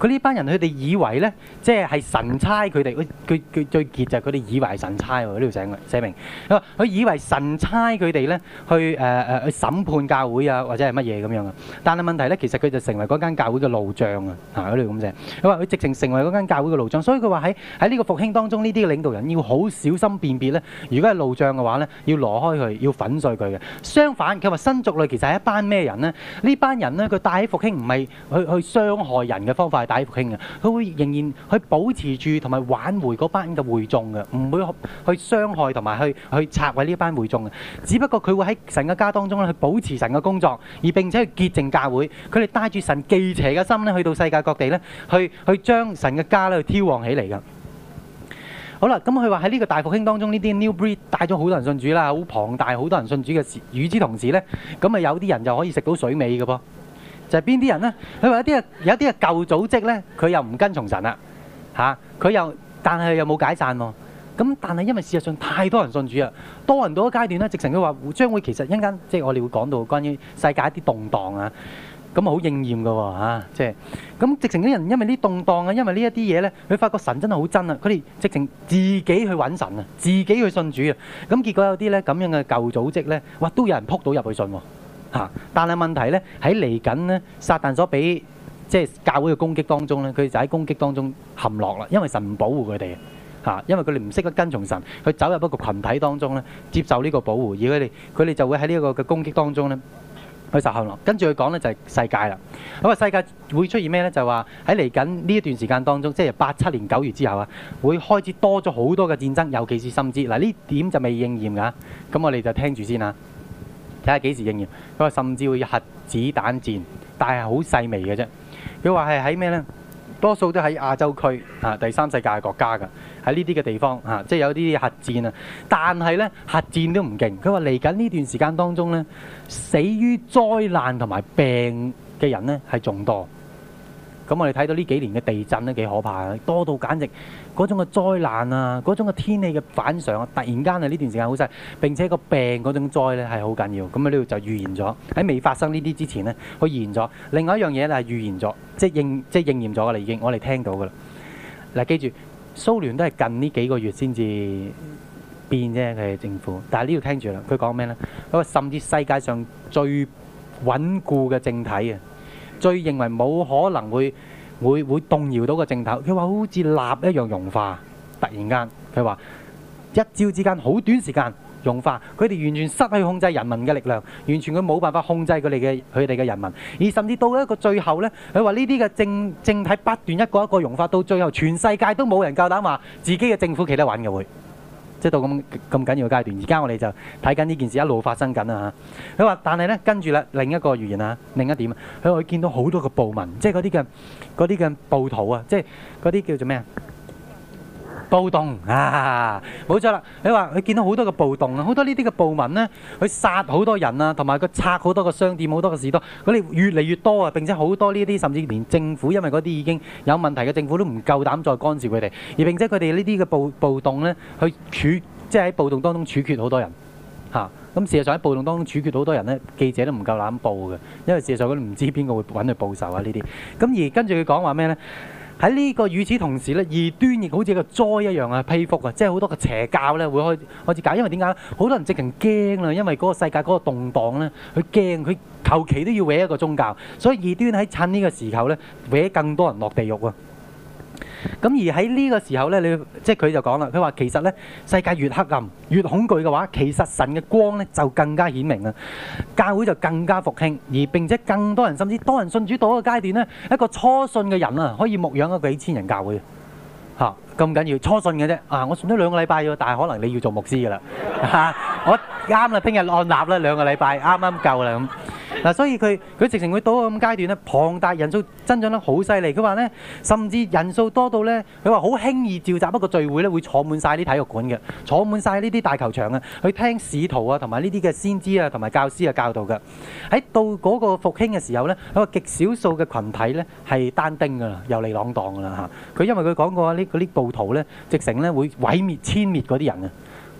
佢呢班人，佢哋以為咧，即係神差佢哋，佢佢佢最傑就係佢哋以為神差喎，呢度寫明，寫明佢話佢以為神差佢哋咧，去誒誒去審判教會啊，或者係乜嘢咁樣啊。但係問題咧，其實佢就成為嗰間教會嘅路障啊，嗱，呢度咁寫。佢話佢直情成為嗰間教會嘅路障，所以佢話喺喺呢個復興當中，呢啲領導人要好小心辨別咧。如果係路障嘅話咧，要攞開佢，要粉碎佢嘅。相反，佢話新族類其實係一班咩人咧？呢班人咧，佢帶起復興唔係去去傷害人嘅方法。大復興啊！佢會仍然去保持住同埋挽回嗰班嘅會眾嘅，唔會去傷害同埋去去拆毀呢班會眾嘅。只不過佢會喺神嘅家當中咧，去保持神嘅工作，而並且去潔淨教會。佢哋帶住神忌邪嘅心咧，去到世界各地咧，去去將神嘅家咧去挑旺起嚟嘅。好啦，咁佢話喺呢個大復興當中，呢啲 New Breed 帶咗好多人信主啦，好龐大，好多人信主嘅時。與之同時咧，咁啊有啲人就可以食到水尾嘅噃。就係邊啲人呢？佢話一啲啊，有啲啊舊組織呢，佢又唔跟從神啦，嚇、啊、佢又，但係又冇解散喎、啊。咁但係因為事實上太多人信主啊，多人到一階段呢，直情佢話將會其實一間，即係我哋會講到關於世界一啲動盪啊，咁啊好應驗嘅喎。即係咁直情啲人因為呢啲動盪啊，因為呢一啲嘢呢，佢發覺神真係好真啊，佢哋直情自己去揾神啊，自己去信主嘅、啊，咁結果有啲呢咁樣嘅舊組織呢，哇都有人撲到入去信喎、啊。嚇！但係問題咧，喺嚟緊咧，撒旦所俾即係教會嘅攻擊當中咧，佢就喺攻擊當中陷落啦。因為神唔保護佢哋，嚇、啊！因為佢哋唔識得跟從神，佢走入一個群體當中咧，接受呢個保護，而佢哋佢哋就會喺呢一個嘅攻擊當中咧去受陷落。跟住佢講咧就係、是、世界啦。咁啊，世界會出現咩咧？就話喺嚟緊呢一段時間當中，即係八七年九月之後啊，會開始多咗好多嘅戰爭，尤其是深知嗱呢點就未應驗㗎。咁我哋就聽住先啦。睇下幾時應驗，佢話甚至會核子彈戰，但係好細微嘅啫。佢話係喺咩呢？多數都喺亞洲區啊，第三世界嘅國家㗎。喺呢啲嘅地方啊，即係有啲核戰啊。但係呢核戰都唔勁。佢話嚟緊呢段時間當中呢，死於災難同埋病嘅人呢係眾多。咁我哋睇到呢幾年嘅地震都幾可怕，多到簡直。嗰種嘅災難啊，嗰種嘅天氣嘅反常啊，突然間啊呢段時間好曬，並且個病嗰種災咧係好緊要，咁啊呢度就預言咗。喺未發生呢啲之前咧，佢預言咗。另外一樣嘢咧係預言咗，即係應即係應驗咗啦，已經我哋聽到噶啦。嗱，記住，蘇聯都係近呢幾個月先至變啫，佢嘅政府。但係呢度聽住啦，佢講咩咧？佢話甚至世界上最穩固嘅政體啊，最認為冇可能會。會會動搖到個政頭，佢話好似蠟一樣融化，突然間佢話一朝之間好短時間融化，佢哋完全失去控制人民嘅力量，完全佢冇辦法控制佢哋嘅佢哋嘅人民，而甚至到一個最後呢，佢話呢啲嘅政政體不斷一個一個融化，到最後全世界都冇人夠膽話自己嘅政府企得穩嘅會。即到咁咁緊要嘅階段，而家我哋就睇緊呢件事一路發生緊啊！吓，佢話，但係咧跟住咧，另一個預言啊，另一點啊，佢見到好多個暴民，即係嗰啲嘅嗰啲嘅暴徒啊，即係嗰啲叫做咩啊？暴動啊！冇錯啦，你話佢見到好多嘅暴動啊，好多呢啲嘅暴民呢，佢殺好多人啊，同埋佢拆好多個商店、好多個士多。佢哋越嚟越多啊，並且好多呢啲，甚至連政府因為嗰啲已經有問題嘅政府都唔夠膽再干涉佢哋，而並且佢哋呢啲嘅暴暴動呢，佢處即係喺暴動當中處決好多人嚇。咁、啊、事實上喺暴動當中處決好多人呢，記者都唔夠膽報嘅，因為事實上佢哋唔知邊個會揾佢報仇啊呢啲。咁而跟住佢講話咩呢？喺呢個與此同時呢，異端亦好似一個災一樣啊，批覆啊，即係好多個邪教呢會開開始搞，因為點解咧？好多人直情驚啦，因為嗰個世界嗰個動盪呢，佢驚，佢求其都要搲一個宗教，所以異端喺趁呢個時候呢，搲更多人落地獄啊。咁而喺呢個時候呢，你即係佢就講啦，佢話其實呢，世界越黑暗、越恐懼嘅話，其實神嘅光呢就更加顯明啦，教會就更加復興，而並且更多人，甚至多人信主到一個階段呢，一個初信嘅人啊，可以牧養咗幾千人教會，吓、啊、咁緊要初信嘅啫，啊我信咗兩個禮拜嘅，但係可能你要做牧師噶啦、啊，我啱啦，聽日按立啦，兩個禮拜啱啱夠啦咁。嗱、啊，所以佢佢直情會到咁階段咧，龐大人數增長得好犀利。佢話咧，甚至人數多到咧，佢話好輕易召集一個聚會咧，會坐滿晒啲體育館嘅，坐滿晒呢啲大球場啊，去聽使徒啊同埋呢啲嘅先知啊同埋教師嘅、啊、教導嘅。喺到嗰個復興嘅時候咧，一個極少數嘅群體咧係單丁㗎啦，遊離浪蕩㗎啦嚇。佢因為佢講過啊，呢嗰啲暴徒咧，直情咧會毀滅、殲滅嗰啲人啊。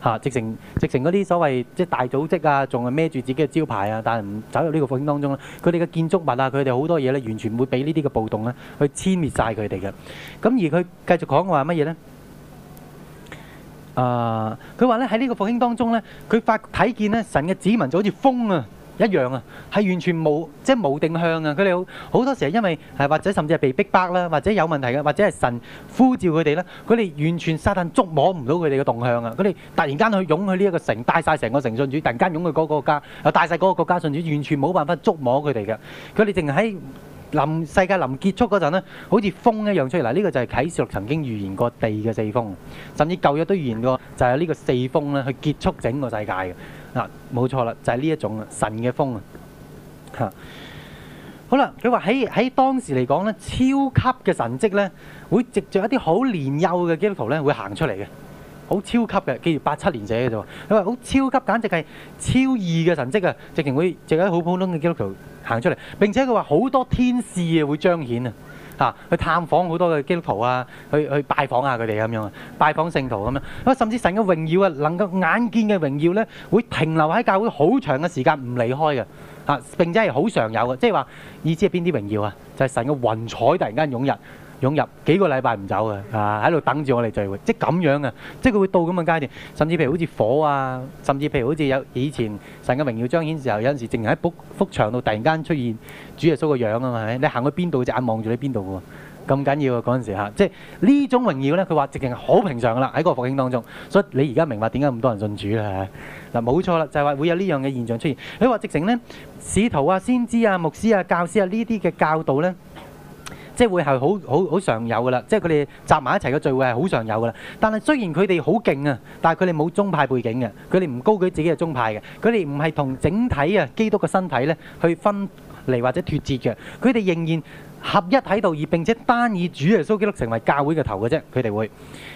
嚇、啊！直成直成嗰啲所謂即係大組織啊，仲係孭住自己嘅招牌啊，但係唔走入呢個復興當中啦。佢哋嘅建築物啊，佢哋好多嘢咧，完全唔會俾呢啲嘅暴動咧去殲滅晒佢哋嘅。咁而佢繼續講話乜嘢咧？啊，佢話咧喺呢個復興當中咧，佢發睇見咧神嘅指紋就好似風啊！一樣啊，係完全冇即係冇定向啊！佢哋好多時係因為係或者甚至係被逼迫啦，或者有問題嘅，或者係神呼召佢哋啦。佢哋完全撒旦捉摸唔到佢哋嘅動向啊！佢哋突然間去湧去呢一個城，帶曬成個城信主，突然間湧去嗰個國家，又帶曬嗰個國家信主，完全冇辦法捉摸佢哋嘅。佢哋淨係喺臨世界臨結束嗰陣咧，好似風一樣出嚟啦！呢個就係啟示錄曾經預言過地嘅四風，甚至舊約都預言過就係呢個四風咧去結束整個世界嘅。嗱、啊，冇錯啦，就係、是、呢一種神嘅風啊！嚇，好啦，佢話喺喺當時嚟講咧，超級嘅神跡咧，會藉着一啲好年幼嘅基督徒咧，會行出嚟嘅，好超級嘅，記住八七年者嘅啫。佢話好超級，簡直係超異嘅神跡啊！直情會藉喺好普通嘅基督徒行出嚟，並且佢話好多天使啊會彰顯啊！啊、去探訪好多嘅基督徒啊，去去拜訪下佢哋咁樣啊，拜訪聖徒咁樣。咁甚至神嘅榮耀啊，能夠眼見嘅榮耀咧，會停留喺教會好長嘅時間，唔離開嘅㗎、啊，並且係好常有嘅。即係話，意思係邊啲榮耀啊？就係、是、神嘅雲彩突然間湧入。湧入幾個禮拜唔走嘅，啊喺度等住我哋聚會，即係咁樣嘅，即係佢會到咁嘅階段。甚至譬如好似火啊，甚至譬如好似有以前神嘅榮耀彰顯時候，有陣時淨係喺幅幅牆度突然間出現主耶穌嘅樣啊嘛，你行去邊度隻眼望住你邊度喎，咁緊要啊嗰陣時嚇，即係呢種榮耀咧，佢話直情係好平常嘅啦喺個復興當中，所以你而家明白點解咁多人信主啦？嗱、啊、冇錯啦，就係話會有呢樣嘅現象出現。你話直情呢，使徒啊、先知啊、牧師啊、教師啊呢啲嘅教導咧。即係會係好好好常有㗎啦，即係佢哋集埋一齊嘅聚會係好常有㗎啦。但係雖然佢哋好勁啊，但係佢哋冇宗派背景嘅，佢哋唔高舉自己嘅宗派嘅，佢哋唔係同整體啊基督嘅身體咧去分離或者脫節嘅，佢哋仍然合一喺度，而並且單以主耶穌基督成為教會嘅頭嘅啫，佢哋會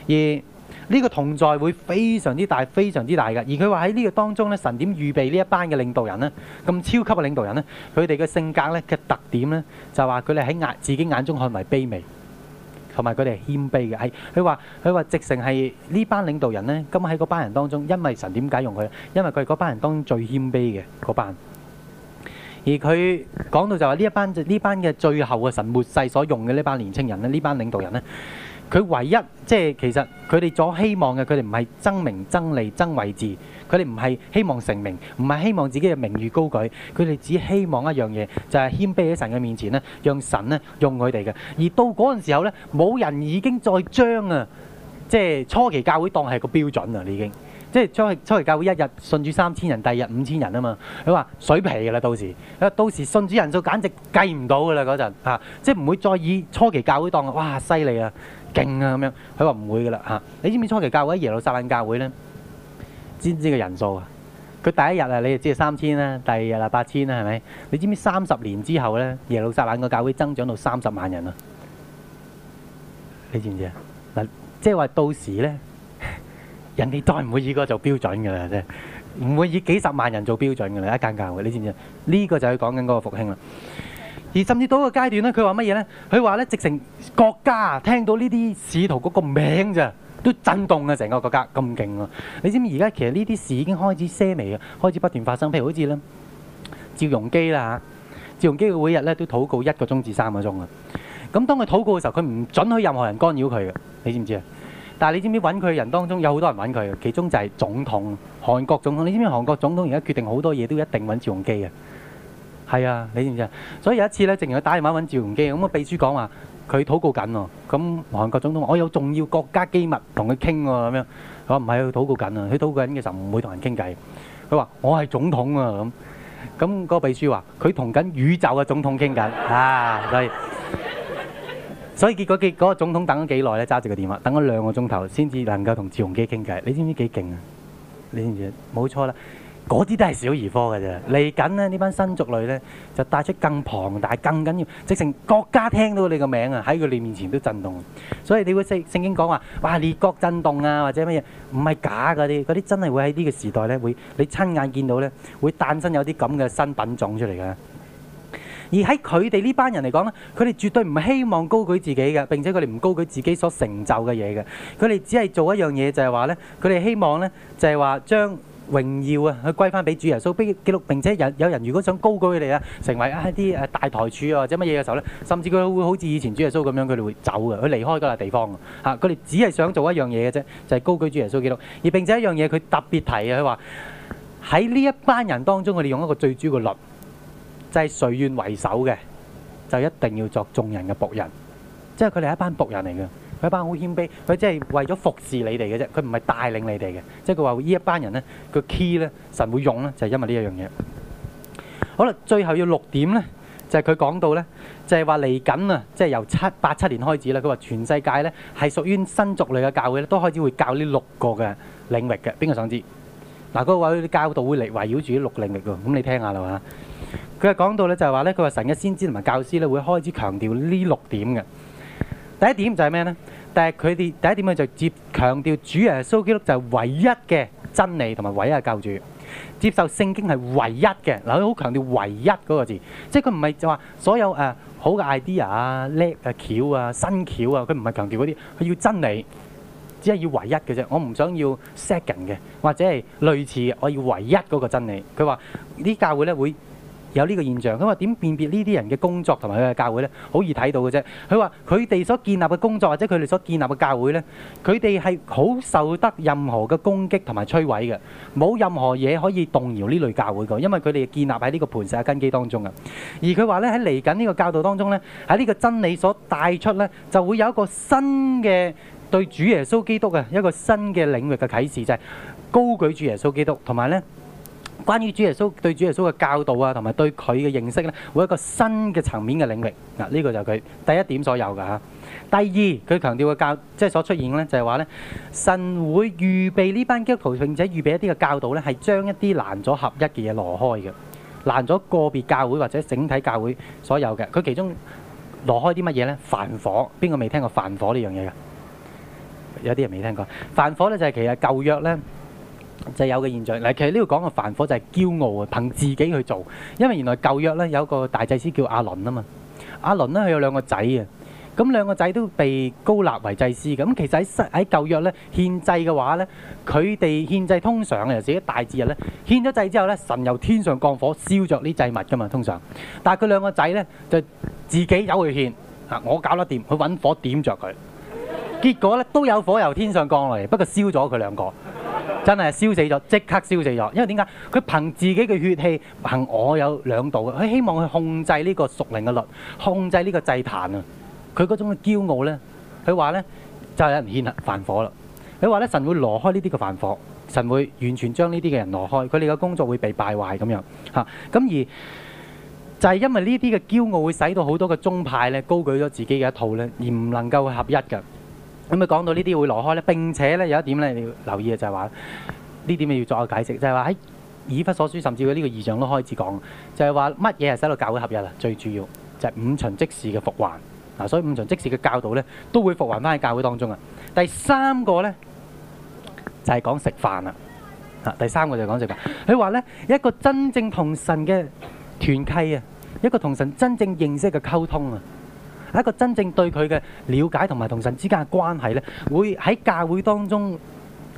而。呢個同在會非常之大，非常之大嘅。而佢話喺呢個當中咧，神點預備呢一班嘅領導人呢？咁超級嘅領導人呢？佢哋嘅性格呢？嘅特點呢？就話佢哋喺眼自己眼中看為卑微，同埋佢哋係謙卑嘅。係佢話佢話直成係呢班領導人呢？咁喺嗰班人當中，因為神點解用佢？因為佢哋嗰班人當中最謙卑嘅嗰班。而佢講到就話呢一班呢班嘅最後嘅神末世所用嘅呢班年青人呢？呢班領導人呢？佢唯一即係其實佢哋所希望嘅，佢哋唔係爭名爭利爭位置，佢哋唔係希望成名，唔係希望自己嘅名譽高舉，佢哋只希望一樣嘢，就係、是、謙卑喺神嘅面前呢，讓神呢用佢哋嘅。而到嗰陣時候呢，冇人已經再將啊，即係初期教會當係個標準啊，已經，即係初期初期教會一日信主三千人，第二日五千人啊嘛。佢話水皮㗎啦，到時，到時信主人數簡直計唔到㗎啦嗰陣，嚇、啊，即係唔會再以初期教會當，哇，犀利啊！勁啊，咁樣，佢話唔會噶啦嚇！你知唔知初期教會耶路撒冷教會咧？知唔知個人數啊？佢第一日啊，你就知係三千啦，第二日啊八千啦，係咪？你知唔知三十年之後咧，耶路撒冷個教會增長到三十萬人啊？你知唔知啊？嗱，即係話到時咧，人哋再唔會以個做標準噶啦，即係唔會以幾十萬人做標準嘅啦，一間，一間教會，你知唔知啊？呢個就係講緊嗰個復興啦。而甚至到一個階段咧，佢話乜嘢咧？佢話咧，直成國家啊！聽到呢啲使徒嗰個名咋，都震動啊！成個國家咁勁啊！你知唔知而家其實呢啲事已經開始奢微啊，開始不斷發生。譬如好似咧，趙容基啦嚇，趙容基嘅每日咧都禱告一個鐘至三個鐘啊。咁當佢禱告嘅時候，佢唔准許任何人干擾佢嘅。你知唔知啊？但係你知唔知揾佢嘅人當中有好多人揾佢嘅？其中就係總統，韓國總統。你知唔知韓國總統而家決定好多嘢都一定揾趙容基啊？係啊，你知唔知啊？所以有一次咧，竟然佢打電話揾趙弘基，咁啊秘書講話佢禱告緊喎。咁韓國總統話：我有重要國家機密同佢傾喎，咁樣佢話唔係，去禱告緊啊，去禱告緊嘅時候唔會同人傾偈。佢話：我係總統啊咁。咁嗰個秘書話：佢同緊宇宙嘅總統傾緊啊，所以所以結果結果個總統等咗幾耐咧，揸住個電話等咗兩個鐘頭先至能夠同趙弘基傾偈。你知唔知幾勁啊？你知唔知啊？冇錯啦。嗰啲都係小兒科嘅啫，嚟緊咧呢班新族類咧就帶出更龐大、更緊要，直情國家聽到你個名啊，喺佢哋面前都震動。所以你會聖聖經講話，哇列國震動啊，或者乜嘢，唔係假嗰啲，嗰啲真係會喺呢個時代咧，會你親眼見到咧，會誕生有啲咁嘅新品種出嚟嘅。而喺佢哋呢班人嚟講咧，佢哋絕對唔希望高舉自己嘅，並且佢哋唔高舉自己所成就嘅嘢嘅，佢哋只係做一樣嘢，就係話咧，佢哋希望咧，就係話將榮耀啊，去歸翻俾主耶穌基督，並且有有人如果想高舉佢哋啊，成為一啲誒大台柱啊或者乜嘢嘅時候咧，甚至佢會好似以前主耶穌咁樣，佢哋會走嘅，佢離開嗰個地方嘅吓，佢哋只係想做一樣嘢嘅啫，就係高舉主耶穌基督，而並且一樣嘢，佢特別提啊，佢話喺呢一班人當中，佢哋用一個最主嘅律，就係誰願為首嘅，就一定要作眾人嘅僕人，即係佢哋係一班僕人嚟嘅。佢一班好謙卑，佢即係為咗服侍你哋嘅啫，佢唔係帶領你哋嘅。即係佢話呢一班人咧，個 key 咧，神會用咧，就係因為呢一樣嘢。好啦，最後要六點咧，就係佢講到咧，就係話嚟緊啊，即係由七八七年開始啦。佢話全世界咧係屬於新族類嘅教會咧，都開始會教呢六個嘅領域嘅。邊個想知？嗱，嗰個教導會嚟圍繞住呢六領域喎。咁你聽下啦嚇。佢講到咧就係話咧，佢話神嘅先知同埋教師咧會開始強調呢六點嘅。第一點就係咩咧？但係佢哋第一點嘅就接強調主耶穌基督就係唯一嘅真理同埋唯一嘅救主，接受聖經係唯一嘅。嗱，佢好強調唯一嗰個字，即係佢唔係就話所有誒、啊、好嘅 idea 啊、叻啊、巧啊、新巧啊，佢唔係強調嗰啲，佢要真理，只係要唯一嘅啫，我唔想要 second 嘅或者係類似，我要唯一嗰個真理。佢話啲教會咧會，會。有呢個現象咁話？點辨別呢啲人嘅工作同埋佢嘅教會呢？好易睇到嘅啫。佢話佢哋所建立嘅工作或者佢哋所建立嘅教會呢，佢哋係好受得任何嘅攻擊同埋摧毀嘅，冇任何嘢可以動搖呢類教會嘅，因為佢哋建立喺呢個磐石嘅根基當中啊。而佢話呢，喺嚟緊呢個教導當中呢，喺呢個真理所帶出呢，就會有一個新嘅對主耶穌基督嘅一個新嘅領域嘅啟示，就係高舉主耶穌基督同埋呢。關於主耶穌對主耶穌嘅教導啊，同埋對佢嘅認識咧，會有一個新嘅層面嘅領域。嗱，呢個就係佢第一點所有嘅㗎。第二，佢強調嘅教，即係所出現嘅咧，就係話咧，神會預備呢班基督徒，並且預備一啲嘅教導咧，係將一啲難咗合一嘅嘢挪開嘅。難咗個別教會或者整體教會所有嘅，佢其中挪開啲乜嘢咧？燔火，邊個未聽過燔火呢樣嘢㗎？有啲人未聽過。燔火咧就係其實舊約咧。就是、有嘅現象。嗱，其實呢度講嘅凡火就係驕傲啊，憑自己去做。因為原來舊約呢，有個大祭司叫阿倫啊嘛，阿倫呢，佢有兩個仔啊。咁兩個仔都被膏立為祭司。咁其實喺喺舊約咧獻祭嘅話呢，佢哋獻祭通常啊，由自己大祭日呢，獻咗祭之後呢，神由天上降火燒着呢祭物噶嘛，通常。但係佢兩個仔呢，就自己有去獻啊，我搞得掂，佢揾火點着佢。結果咧都有火由天上降落嚟，不過燒咗佢兩個，真係燒死咗，即刻燒死咗。因為點解佢憑自己嘅血氣，憑我有兩度嘅，佢希望去控制呢個屬靈嘅律，控制呢個祭壇啊。佢嗰種嘅驕傲呢，佢話呢，就有人獻凡火啦。佢話呢，神會挪開呢啲嘅凡火，神會完全將呢啲嘅人挪開，佢哋嘅工作會被敗壞咁樣嚇。咁、啊、而就係因為呢啲嘅驕傲，會使到好多嘅宗派咧高舉咗自己嘅一套呢，而唔能夠合一嘅。咁啊，講到呢啲會攞開咧，並且咧有一點咧，你要留意嘅就係話呢點你要作個解釋，就係話喺以弗所書，甚至佢呢個異象都開始講，就係話乜嘢係使到教會合一啊？最主要就係、是、五旬節時嘅復還嗱，所以五旬節時嘅教導咧都會復還翻喺教會當中啊。第三個咧就係講食飯啦，啊，第三個就係講食飯。佢話咧一個真正同神嘅團契啊，一個同神真正認識嘅溝通啊。一個真正對佢嘅了解同埋同神之間嘅關係呢會喺教會當中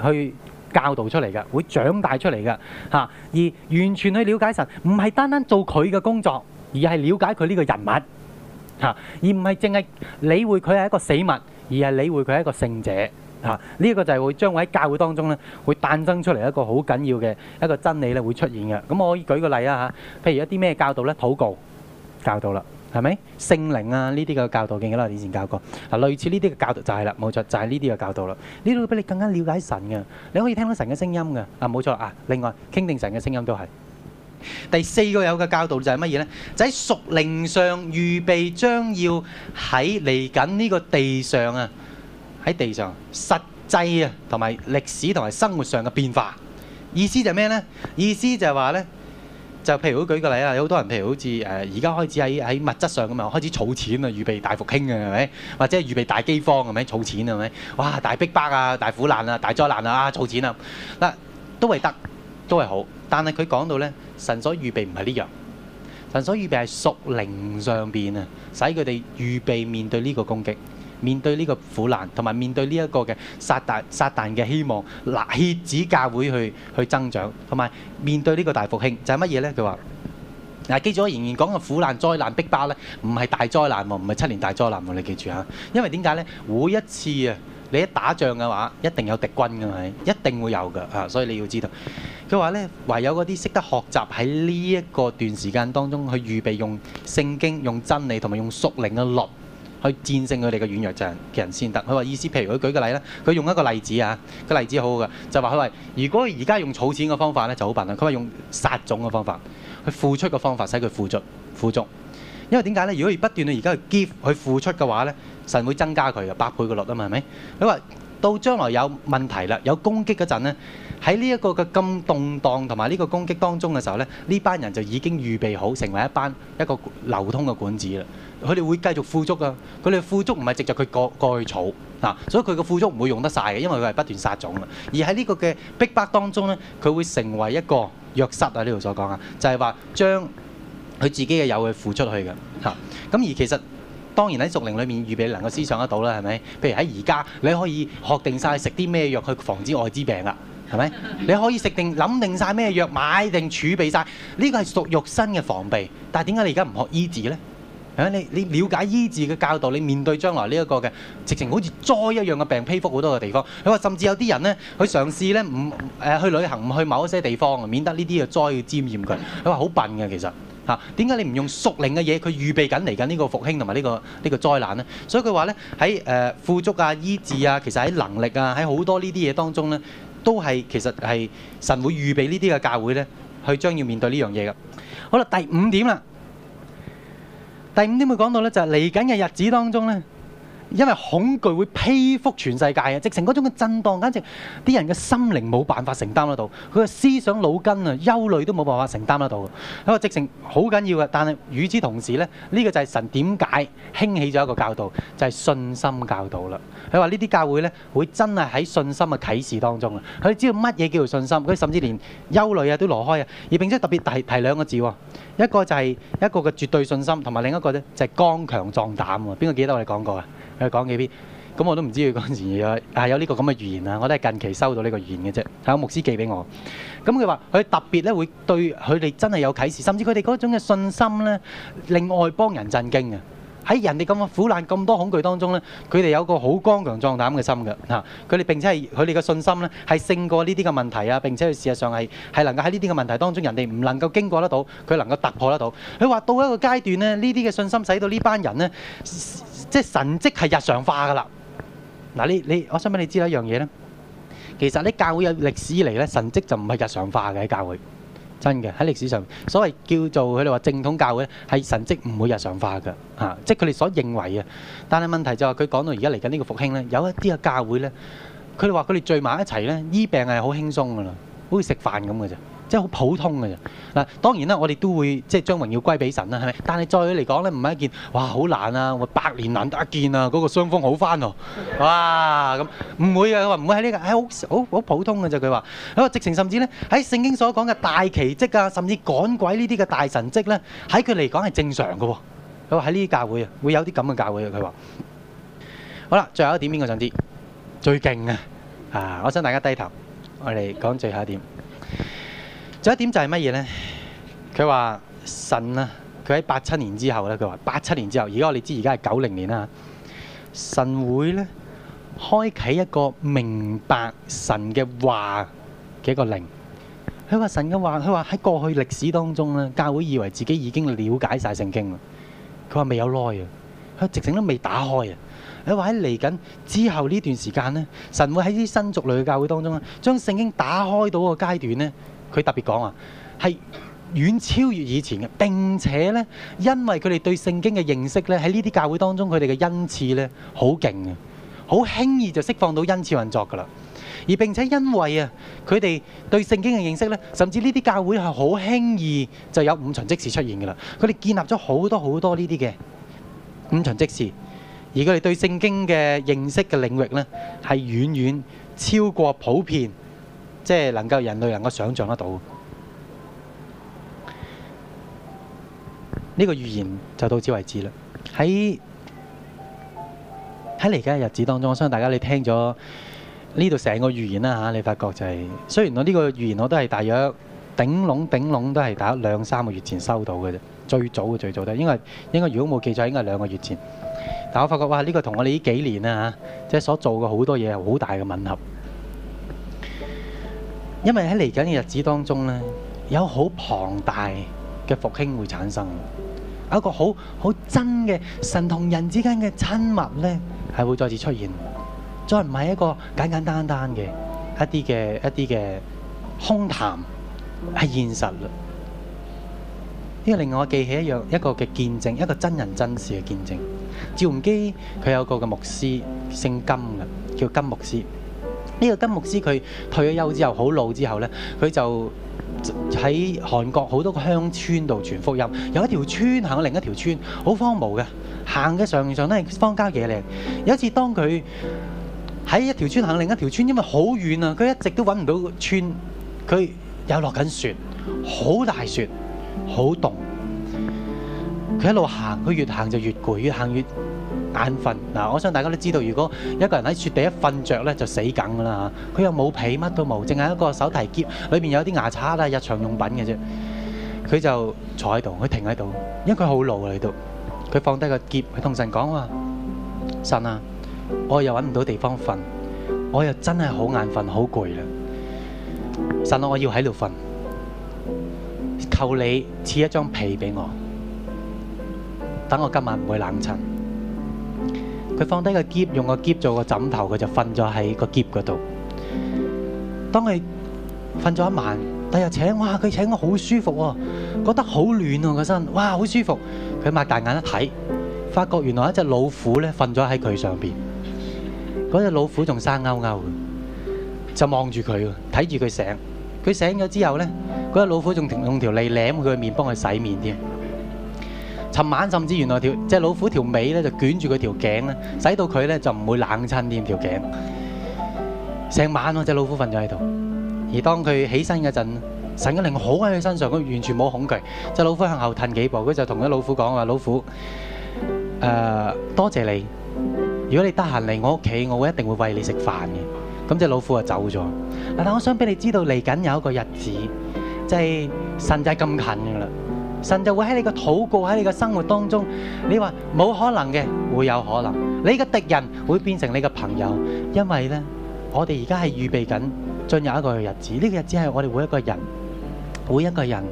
去教導出嚟嘅，會長大出嚟嘅嚇，而完全去了解神，唔係單單做佢嘅工作，而係了解佢呢個人物嚇、啊，而唔係淨係理會佢係一個死物，而係理會佢係一個聖者嚇。呢、啊、一、呢個就係會將會喺教會當中呢會誕生出嚟一個好緊要嘅一個真理咧，會出現嘅。咁我可以舉個例啊嚇，譬如一啲咩教導呢？禱告教導啦。係咪聖靈啊？呢啲嘅教導見咗啦，以前教過。嗱，類似呢啲嘅教導就係啦，冇錯，就係呢啲嘅教導啦。呢度俾你更加了解神嘅，你可以聽到神嘅聲音嘅。啊，冇錯啊。另外，傾定神嘅聲音都係。第四個有嘅教導就係乜嘢呢？就喺屬靈上預備，將要喺嚟緊呢個地上啊，喺地上實際啊，同埋歷史同埋生活上嘅變化。意思就係咩呢？意思就係話呢。就譬如好舉個例啊，有好多人譬如好似誒而家開始喺喺物質上咁啊，開始儲錢啊，預備大復興啊，係咪？或者預備大饑荒係咪？儲錢係咪？哇！大逼迫，迫啊，大苦難啊，大災難啊，啊儲錢啊，嗱，都係得，都係好。但係佢講到呢，神所預備唔係呢樣，神所預備係屬靈上邊啊，使佢哋預備面對呢個攻擊。面對呢個苦難，同埋面對呢一個嘅撒、撒但、撒但嘅希望，攔遏止教會去去增長，同埋面對呢個大復興就係乜嘢呢？佢話嗱，記住我仍然講嘅苦難、災難、逼迫呢，唔係大災難喎，唔係七年大災難喎，你記住啊！因為點解呢？每一次啊，你一打仗嘅話，一定有敵軍嘅咪，一定會有㗎啊！所以你要知道，佢話呢，唯有嗰啲識得學習喺呢一個段時間當中去預備，用聖經、用真理同埋用屬靈嘅律。去戰勝佢哋嘅軟弱陣嘅人先得。佢話意思，譬如佢舉個例咧，佢用一個例子啊，個例子好好噶，就話佢話，如果而家用儲錢嘅方法咧，就好笨啊。佢話用撒種嘅方法，去付出嘅方法，使佢富足富足。因為點解咧？如果不斷去而家去 give 去付出嘅話咧，神會增加佢嘅百倍嘅率啊嘛，係咪？佢話到將來有問題啦，有攻擊嗰陣咧，喺呢一個嘅咁動盪同埋呢個攻擊當中嘅時候咧，呢班人就已經預備好，成為一班一個流通嘅管子啦。佢哋會繼續富足啊！佢哋富足唔係藉著佢過過去草，嗱、啊，所以佢個富足唔會用得晒嘅，因為佢係不斷撒種啊。而喺呢個嘅逼迫當中咧，佢會成為一個約瑟。喺呢度所講啊，就係話將佢自己嘅有去付出去嘅嚇咁。而其實當然喺屬靈裏面預備能夠思想得到啦，係咪？譬如喺而家你可以學定晒食啲咩藥去防止艾滋病啊，係咪？你可以食定諗定晒咩藥買定儲備晒。呢、這個係屬肉身嘅防備，但係點解你而家唔學醫治咧？你你瞭解醫治嘅教導，你面對將來呢、這、一個嘅直情好似災一樣嘅病披覆好多嘅地方。佢話甚至有啲人呢，佢嘗試呢，唔誒、呃、去旅行，唔去某一些地方，免得呢啲嘅災要沾染佢。佢話好笨嘅其實嚇，點、啊、解你唔用屬靈嘅嘢？佢預備緊嚟緊呢個復興同埋呢個呢、這個災難呢。所以佢話呢，喺誒富足啊、醫治啊，其實喺能力啊、喺好多呢啲嘢當中呢，都係其實係神會預備呢啲嘅教會呢，去將要面對呢樣嘢嘅。好啦，第五點啦。第五點會講到呢，就係嚟緊嘅日子當中呢。因為恐懼會披覆全世界啊！直情嗰種嘅震盪，簡直啲人嘅心靈冇辦法承擔得到。佢嘅思想腦筋啊，憂慮都冇辦法承擔得到。佢話，直情好緊要嘅。但係與之同時咧，呢個就係神點解興起咗一個教導，就係信心教導啦。佢話呢啲教會咧，會真係喺信心嘅啟示當中啊。佢哋知道乜嘢叫做信心，佢甚至連憂慮啊都挪開啊。而並且特別提提兩個字喎，一個就係一個嘅絕對信心，同埋另一個咧就係剛強壯膽喎。邊個記得我哋講過啊？佢講幾篇，咁我都唔知佢嗰陣時有係有呢個咁嘅預言啊！我都係近期收到呢個預言嘅啫，係牧師寄俾我。咁佢話佢特別咧會對佢哋真係有啟示，甚至佢哋嗰種嘅信心咧令外邦人震驚嘅。喺人哋咁嘅苦難、咁多恐懼當中咧，佢哋有個好剛強壯膽嘅心㗎。嚇，佢哋並且係佢哋嘅信心咧係勝過呢啲嘅問題啊！並且佢事實上係係能夠喺呢啲嘅問題當中，人哋唔能夠經過得到，佢能夠突破得到。佢話到一個階段咧，呢啲嘅信心使到呢班人咧。即係神蹟係日常化噶啦，嗱，你你我想俾你知道一樣嘢咧，其實呢教會有歷史以嚟咧神蹟就唔係日常化嘅喺教會，真嘅喺歷史上所謂叫做佢哋話正統教會咧，係神蹟唔會日常化噶嚇，即係佢哋所認為啊，但係問題就係佢講到而家嚟緊呢個復興咧，有一啲嘅教會咧，佢哋話佢哋聚埋一齊咧醫病係好輕鬆噶啦，好似食飯咁嘅啫。即係好普通嘅啫嗱，當然啦，我哋都會即係將榮耀歸俾神啦，係咪？但係再嚟講咧，唔係一件哇好難啊，我百年難得一見啊，嗰個傷風好返喎，哇咁唔會嘅，佢話唔會喺呢個喺好好好普通嘅啫。佢話，佢話直情甚至咧喺聖經所講嘅大奇蹟啊，甚至趕鬼呢啲嘅大神蹟咧，喺佢嚟講係正常嘅喎。佢話喺呢啲教會啊，會有啲咁嘅教會嘅。佢話好啦，最後一點邊個想知最勁啊？啊！我想大家低頭，我哋講最後一點。有一點就係乜嘢呢？佢話神啊，佢喺八七年之後咧。佢話八七年之後，而家我哋知而家係九零年啦。神會呢，開啟一個明白神嘅話嘅一個靈。佢話神嘅話，佢話喺過去歷史當中呢，教會以為自己已經了解晒聖經啦。佢話未有耐啊，佢直情都未打開啊。佢話喺嚟緊之後呢段時間呢，神會喺啲新族類嘅教會當中啊，將聖經打開到個階段呢。佢特別講啊，係遠超越以前嘅，並且呢，因為佢哋對聖經嘅認識呢，喺呢啲教會當中，佢哋嘅恩賜呢好勁嘅，好輕易就釋放到恩賜運作㗎喇。而並且因為啊，佢哋對聖經嘅認識呢，甚至呢啲教會係好輕易就有五重職事出現㗎喇。佢哋建立咗好多好多呢啲嘅五重職事，而佢哋對聖經嘅認識嘅領域呢，係遠遠超過普遍。即係能夠人類能夠想象得到，呢個預言就到此為止啦。喺，喺嚟緊嘅日子當中，我相信大家你聽咗呢度成個預言啦，嚇，你發覺就係雖然我呢個預言我都係大約頂籠頂籠都係打兩三個月前收到嘅啫，最早嘅最早都係應該應該如果冇記錯，應該係兩個月前。但我發覺哇，呢個同我哋呢幾年啊，即係所做嘅好多嘢係好大嘅吻合。因為喺嚟緊嘅日子當中，呢有好龐大嘅復興會產生，有一個好好真嘅神同人之間嘅親密，呢係會再次出現，再唔係一個簡簡單單嘅一啲嘅一啲嘅空談，係現實啦。呢、這個令我記起一樣一個嘅見證，一個真人真事嘅見證。趙雲基佢有一個嘅牧師姓金嘅，叫金牧師。呢、這個金牧師佢退咗休之後好老之後呢，佢就喺韓國好多個鄉村度傳福音。有一條村行到另一條村，好荒蕪嘅，行嘅常常都係荒郊野嶺。有一次當佢喺一條村行另一條村，因為好遠啊，佢一直都揾唔到村。佢又落緊雪，好大雪，好凍。佢一路行，佢越行就越攰，越行越眼瞓嗱，我想大家都知道，如果一個人喺雪地一瞓著咧，就死梗噶啦嚇。佢又冇被，乜都冇，淨係一個手提篋，裏面有啲牙刷啦、日常用品嘅啫。佢就坐喺度，佢停喺度，因為佢好勞啊嚟到。佢放低個篋，佢同神講啊，神啊，我又揾唔到地方瞓，我又真係好眼瞓，好攰啦。神啊，我要喺度瞓，求你賜一張被俾我，等我今晚唔會冷親。佢放低個篋，用個篋做個枕頭，佢就瞓咗喺個篋嗰度。當佢瞓咗一晚，第日請我，佢請我好舒服喎，覺得好暖喎個身，哇好舒服。佢擘大眼一睇，發覺原來有一隻老虎咧瞓咗喺佢上邊。嗰隻老虎仲生勾勾嘅，就望住佢嘅，睇住佢醒。佢醒咗之後咧，嗰隻老虎仲用一條脷舐佢嘅面，幫佢洗面添。尋晚甚至原來隻老虎條尾咧就捲住佢條頸咧，使到佢咧就唔會冷親添條頸。成晚喎隻老虎瞓咗喺度，而當佢起身嗰陣，神嘅靈好喺佢身上，佢完全冇恐懼。隻老虎向後褪幾步，佢就同隻老虎講話：老虎，誒，多謝你。如果你得閒嚟我屋企，我一定會餵你食飯嘅。咁隻老虎就走咗。嗱，但係我想俾你知道，嚟緊有一個日子，即係神就係咁近㗎啦。神就會喺你個禱告，喺你個生活當中，你話冇可能嘅會有可能，你個敵人會變成你個朋友，因為呢，我哋而家係預備緊進入一個日子，呢個日子係我哋每一個人每一個人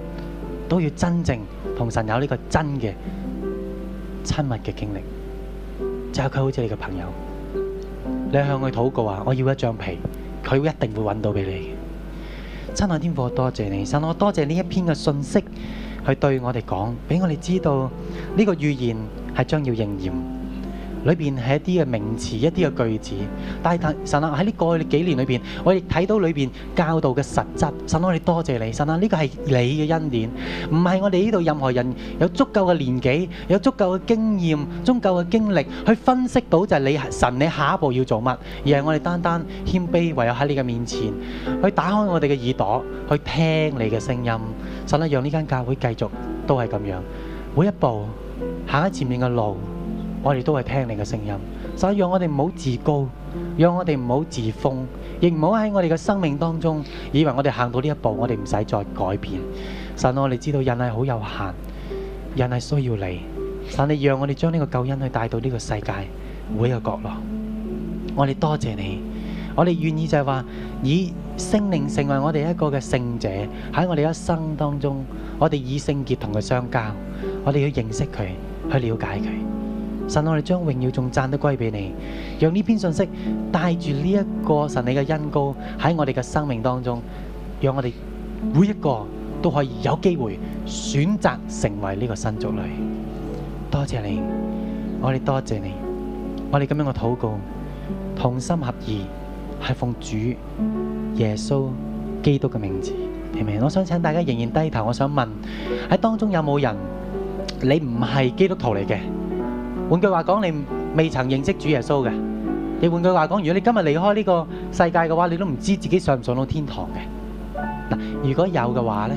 都要真正同神有呢個真嘅親密嘅經歷，就係佢好似你個朋友，你向佢禱告話，我要一張皮，佢一定會搵到俾你嘅。親愛的天父，多謝你，神，我多謝呢一篇嘅信息。佢對我哋講，俾我哋知道呢、這個預言係將要應驗。裏邊係一啲嘅名詞，一啲嘅句子。但係神啊，喺呢過去嘅幾年裏邊，我哋睇到裏邊教導嘅實質。神啊，我哋多謝，謝你。神啊，呢、這個係你嘅恩典，唔係我哋呢度任何人有足夠嘅年紀、有足夠嘅經驗、足夠嘅經歷去分析到就係你神，你下一步要做乜？而係我哋單單謙卑，唯有喺你嘅面前去打開我哋嘅耳朵，去聽你嘅聲音。神啊，讓呢間教會繼續都係咁樣，每一步行喺前面嘅路。我哋都係聽你嘅聲音，所以讓我哋唔好自高，讓我哋唔好自封，亦唔好喺我哋嘅生命當中以為我哋行到呢一步，我哋唔使再改變。神，我哋知道人係好有限，人係需要你。神，你讓我哋將呢個救恩去帶到呢個世界每一個角落。我哋多謝你，我哋願意就係話以聖靈成為我哋一個嘅聖者喺我哋一生當中，我哋以聖潔同佢相交，我哋要認識佢，去了解佢。神，我哋將榮耀仲讚得歸俾你，讓呢篇信息帶住呢一個神你嘅恩膏喺我哋嘅生命當中，讓我哋每一個都可以有機會選擇成為呢個新族類。多謝你，我哋多謝你，我哋咁樣嘅禱告同心合意，係奉主耶穌基督嘅名字，明唔明？我想請大家仍然低頭，我想問喺當中有冇人你唔係基督徒嚟嘅？換句話講，你未曾認識主耶穌嘅；你換句話講，如果你今日離開呢個世界嘅話，你都唔知自己上唔上到天堂嘅。如果有嘅話呢，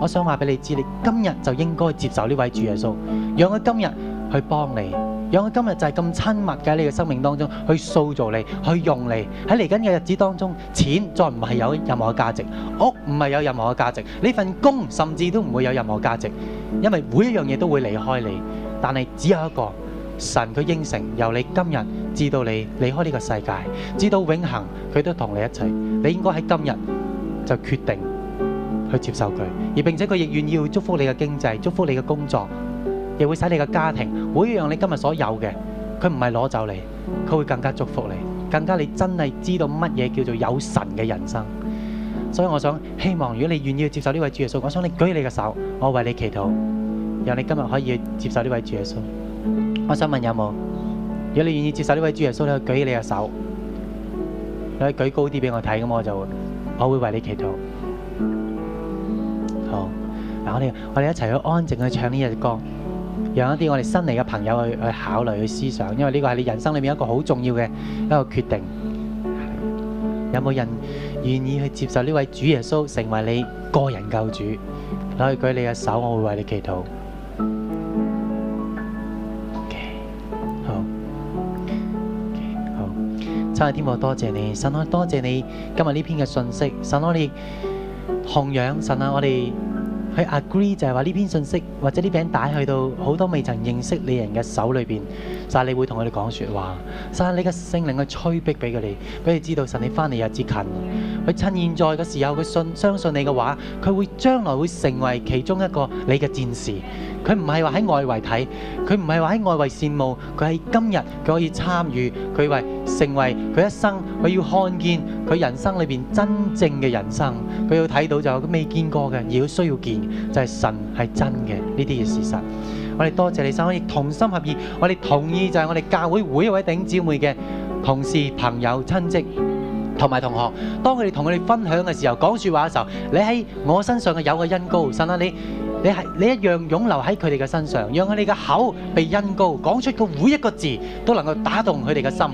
我想話俾你知，你今日就應該接受呢位主耶穌，讓佢今日去幫你，讓佢今日就係咁親密嘅你嘅生命當中去塑造你，去用你喺嚟緊嘅日子當中，錢再唔係有任何嘅價值，屋唔係有任何嘅價值，你份工甚至都唔會有任何價值，因為每一樣嘢都會離開你。但係只有一個神，佢應承由你今日至到你離開呢個世界，至到永恆，佢都同你一齊。你應該喺今日就決定去接受佢，而並且佢亦願意要祝福你嘅經濟，祝福你嘅工作，亦會使你嘅家庭，會讓你今日所有嘅，佢唔係攞走你，佢會更加祝福你，更加你真係知道乜嘢叫做有神嘅人生。所以我想，希望如果你願意去接受呢位主耶穌，我想你舉起你嘅手，我為你祈禱。讓你今日可以接受呢位主耶穌。我想問有冇？如果你願意接受呢位主耶穌咧，你舉起你嘅手，你可以舉高啲俾我睇，咁我就我會為你祈禱。好，嗱我哋我哋一齊去安靜去唱呢隻歌，讓一啲我哋新嚟嘅朋友去去考慮去思想，因為呢個係你人生裏面一個好重要嘅一個決定。有冇人願意去接受呢位主耶穌成為你個人救主？你可以舉你嘅手，我會為你祈禱。真係天父，我多謝你神，我多謝你今日呢篇嘅信息，神我哋。弘揚，神啊，我哋去 agree 就係話呢篇信息或者呢餅帶去到好多未曾認識你人嘅手裏邊，神你會同佢哋講說話，神你嘅聖靈去催逼俾佢哋，俾佢知道神你翻嚟日子近，佢趁現在嘅時候佢信相信你嘅話，佢會將來會成為其中一個你嘅戰士。佢唔係話喺外圍睇，佢唔係話喺外圍羨慕，佢喺今日佢可以參與，佢為成為佢一生，佢要看見佢人生裏邊真正嘅人生，佢要睇到就係佢未見過嘅，而佢需要見就係神係真嘅呢啲嘅事實。我哋多謝你神可以同心合意，我哋同意就係我哋教會會一位頂姊妹嘅同事朋友親戚同埋同學，當佢哋同佢哋分享嘅時候講說話嘅時候，你喺我身上嘅有嘅恩膏，神啊你！你係你一樣湧流喺佢哋嘅身上，讓佢哋嘅口被恩膏，講出嘅每一個字都能夠打動佢哋嘅心，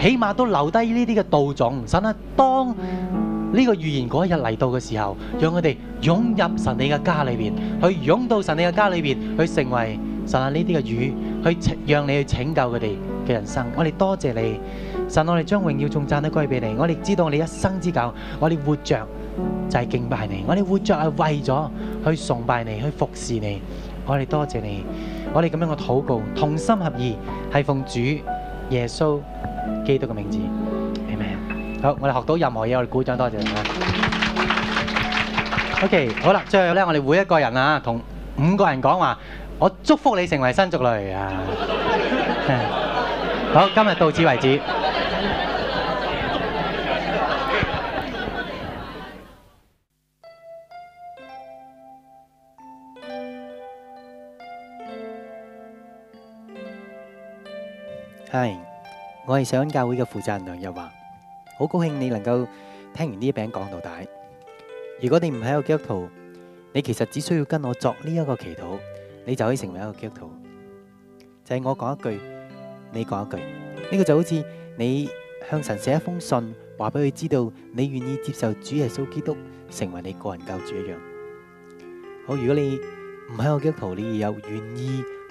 起碼都留低呢啲嘅道種。神啊，當呢個預言嗰日嚟到嘅時候，讓佢哋湧入神你嘅家裏邊，去湧到神你嘅家裏邊，去成為神啊呢啲嘅魚，去讓你去拯救佢哋嘅人生。我哋多謝你，神，我哋將榮耀仲讚得歸俾你。我哋知道我哋一生之久，我哋活着，就係敬拜你，我哋活着係為咗去崇拜你，去服侍你，我哋多謝你，我哋咁樣嘅禱告，同心合意，係奉主耶穌基督嘅名字，Amen。好，我哋學到任何嘢，我哋鼓掌，多謝大家。OK，好啦，最後咧，我哋每一個人啊，同五個人講話，我祝福你成為新族類啊！好，今日到此為止。係，我係上恩教會嘅負責人梁日華，好高興你能夠聽完呢一餅講到底。如果你唔係一個基督徒，你其實只需要跟我作呢一個祈禱，你就可以成為一個基督徒。就係我講一句，你講一句，呢個就好似你向神寫一封信，話俾佢知道你願意接受主耶穌基督成為你個人救主一樣。好，如果你唔係一個基督徒，你又願意，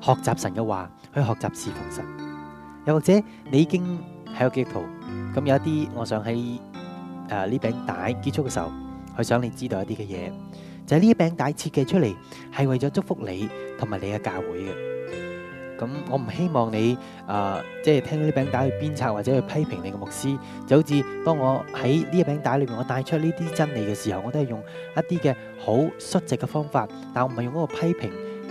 學習神嘅話，去學習侍奉神。又或者你已經係個基督徒，咁有一啲，我想喺誒呢餅帶結束嘅時候，去想你知道一啲嘅嘢，就係呢餅帶設計出嚟係為咗祝福你同埋你嘅教會嘅。咁我唔希望你誒，即係聽呢餅帶去鞭策或者去批評你嘅牧師。就好似當我喺呢一餅帶裏面，我帶出呢啲真理嘅時候，我都係用一啲嘅好率直嘅方法，但係我唔係用嗰個批評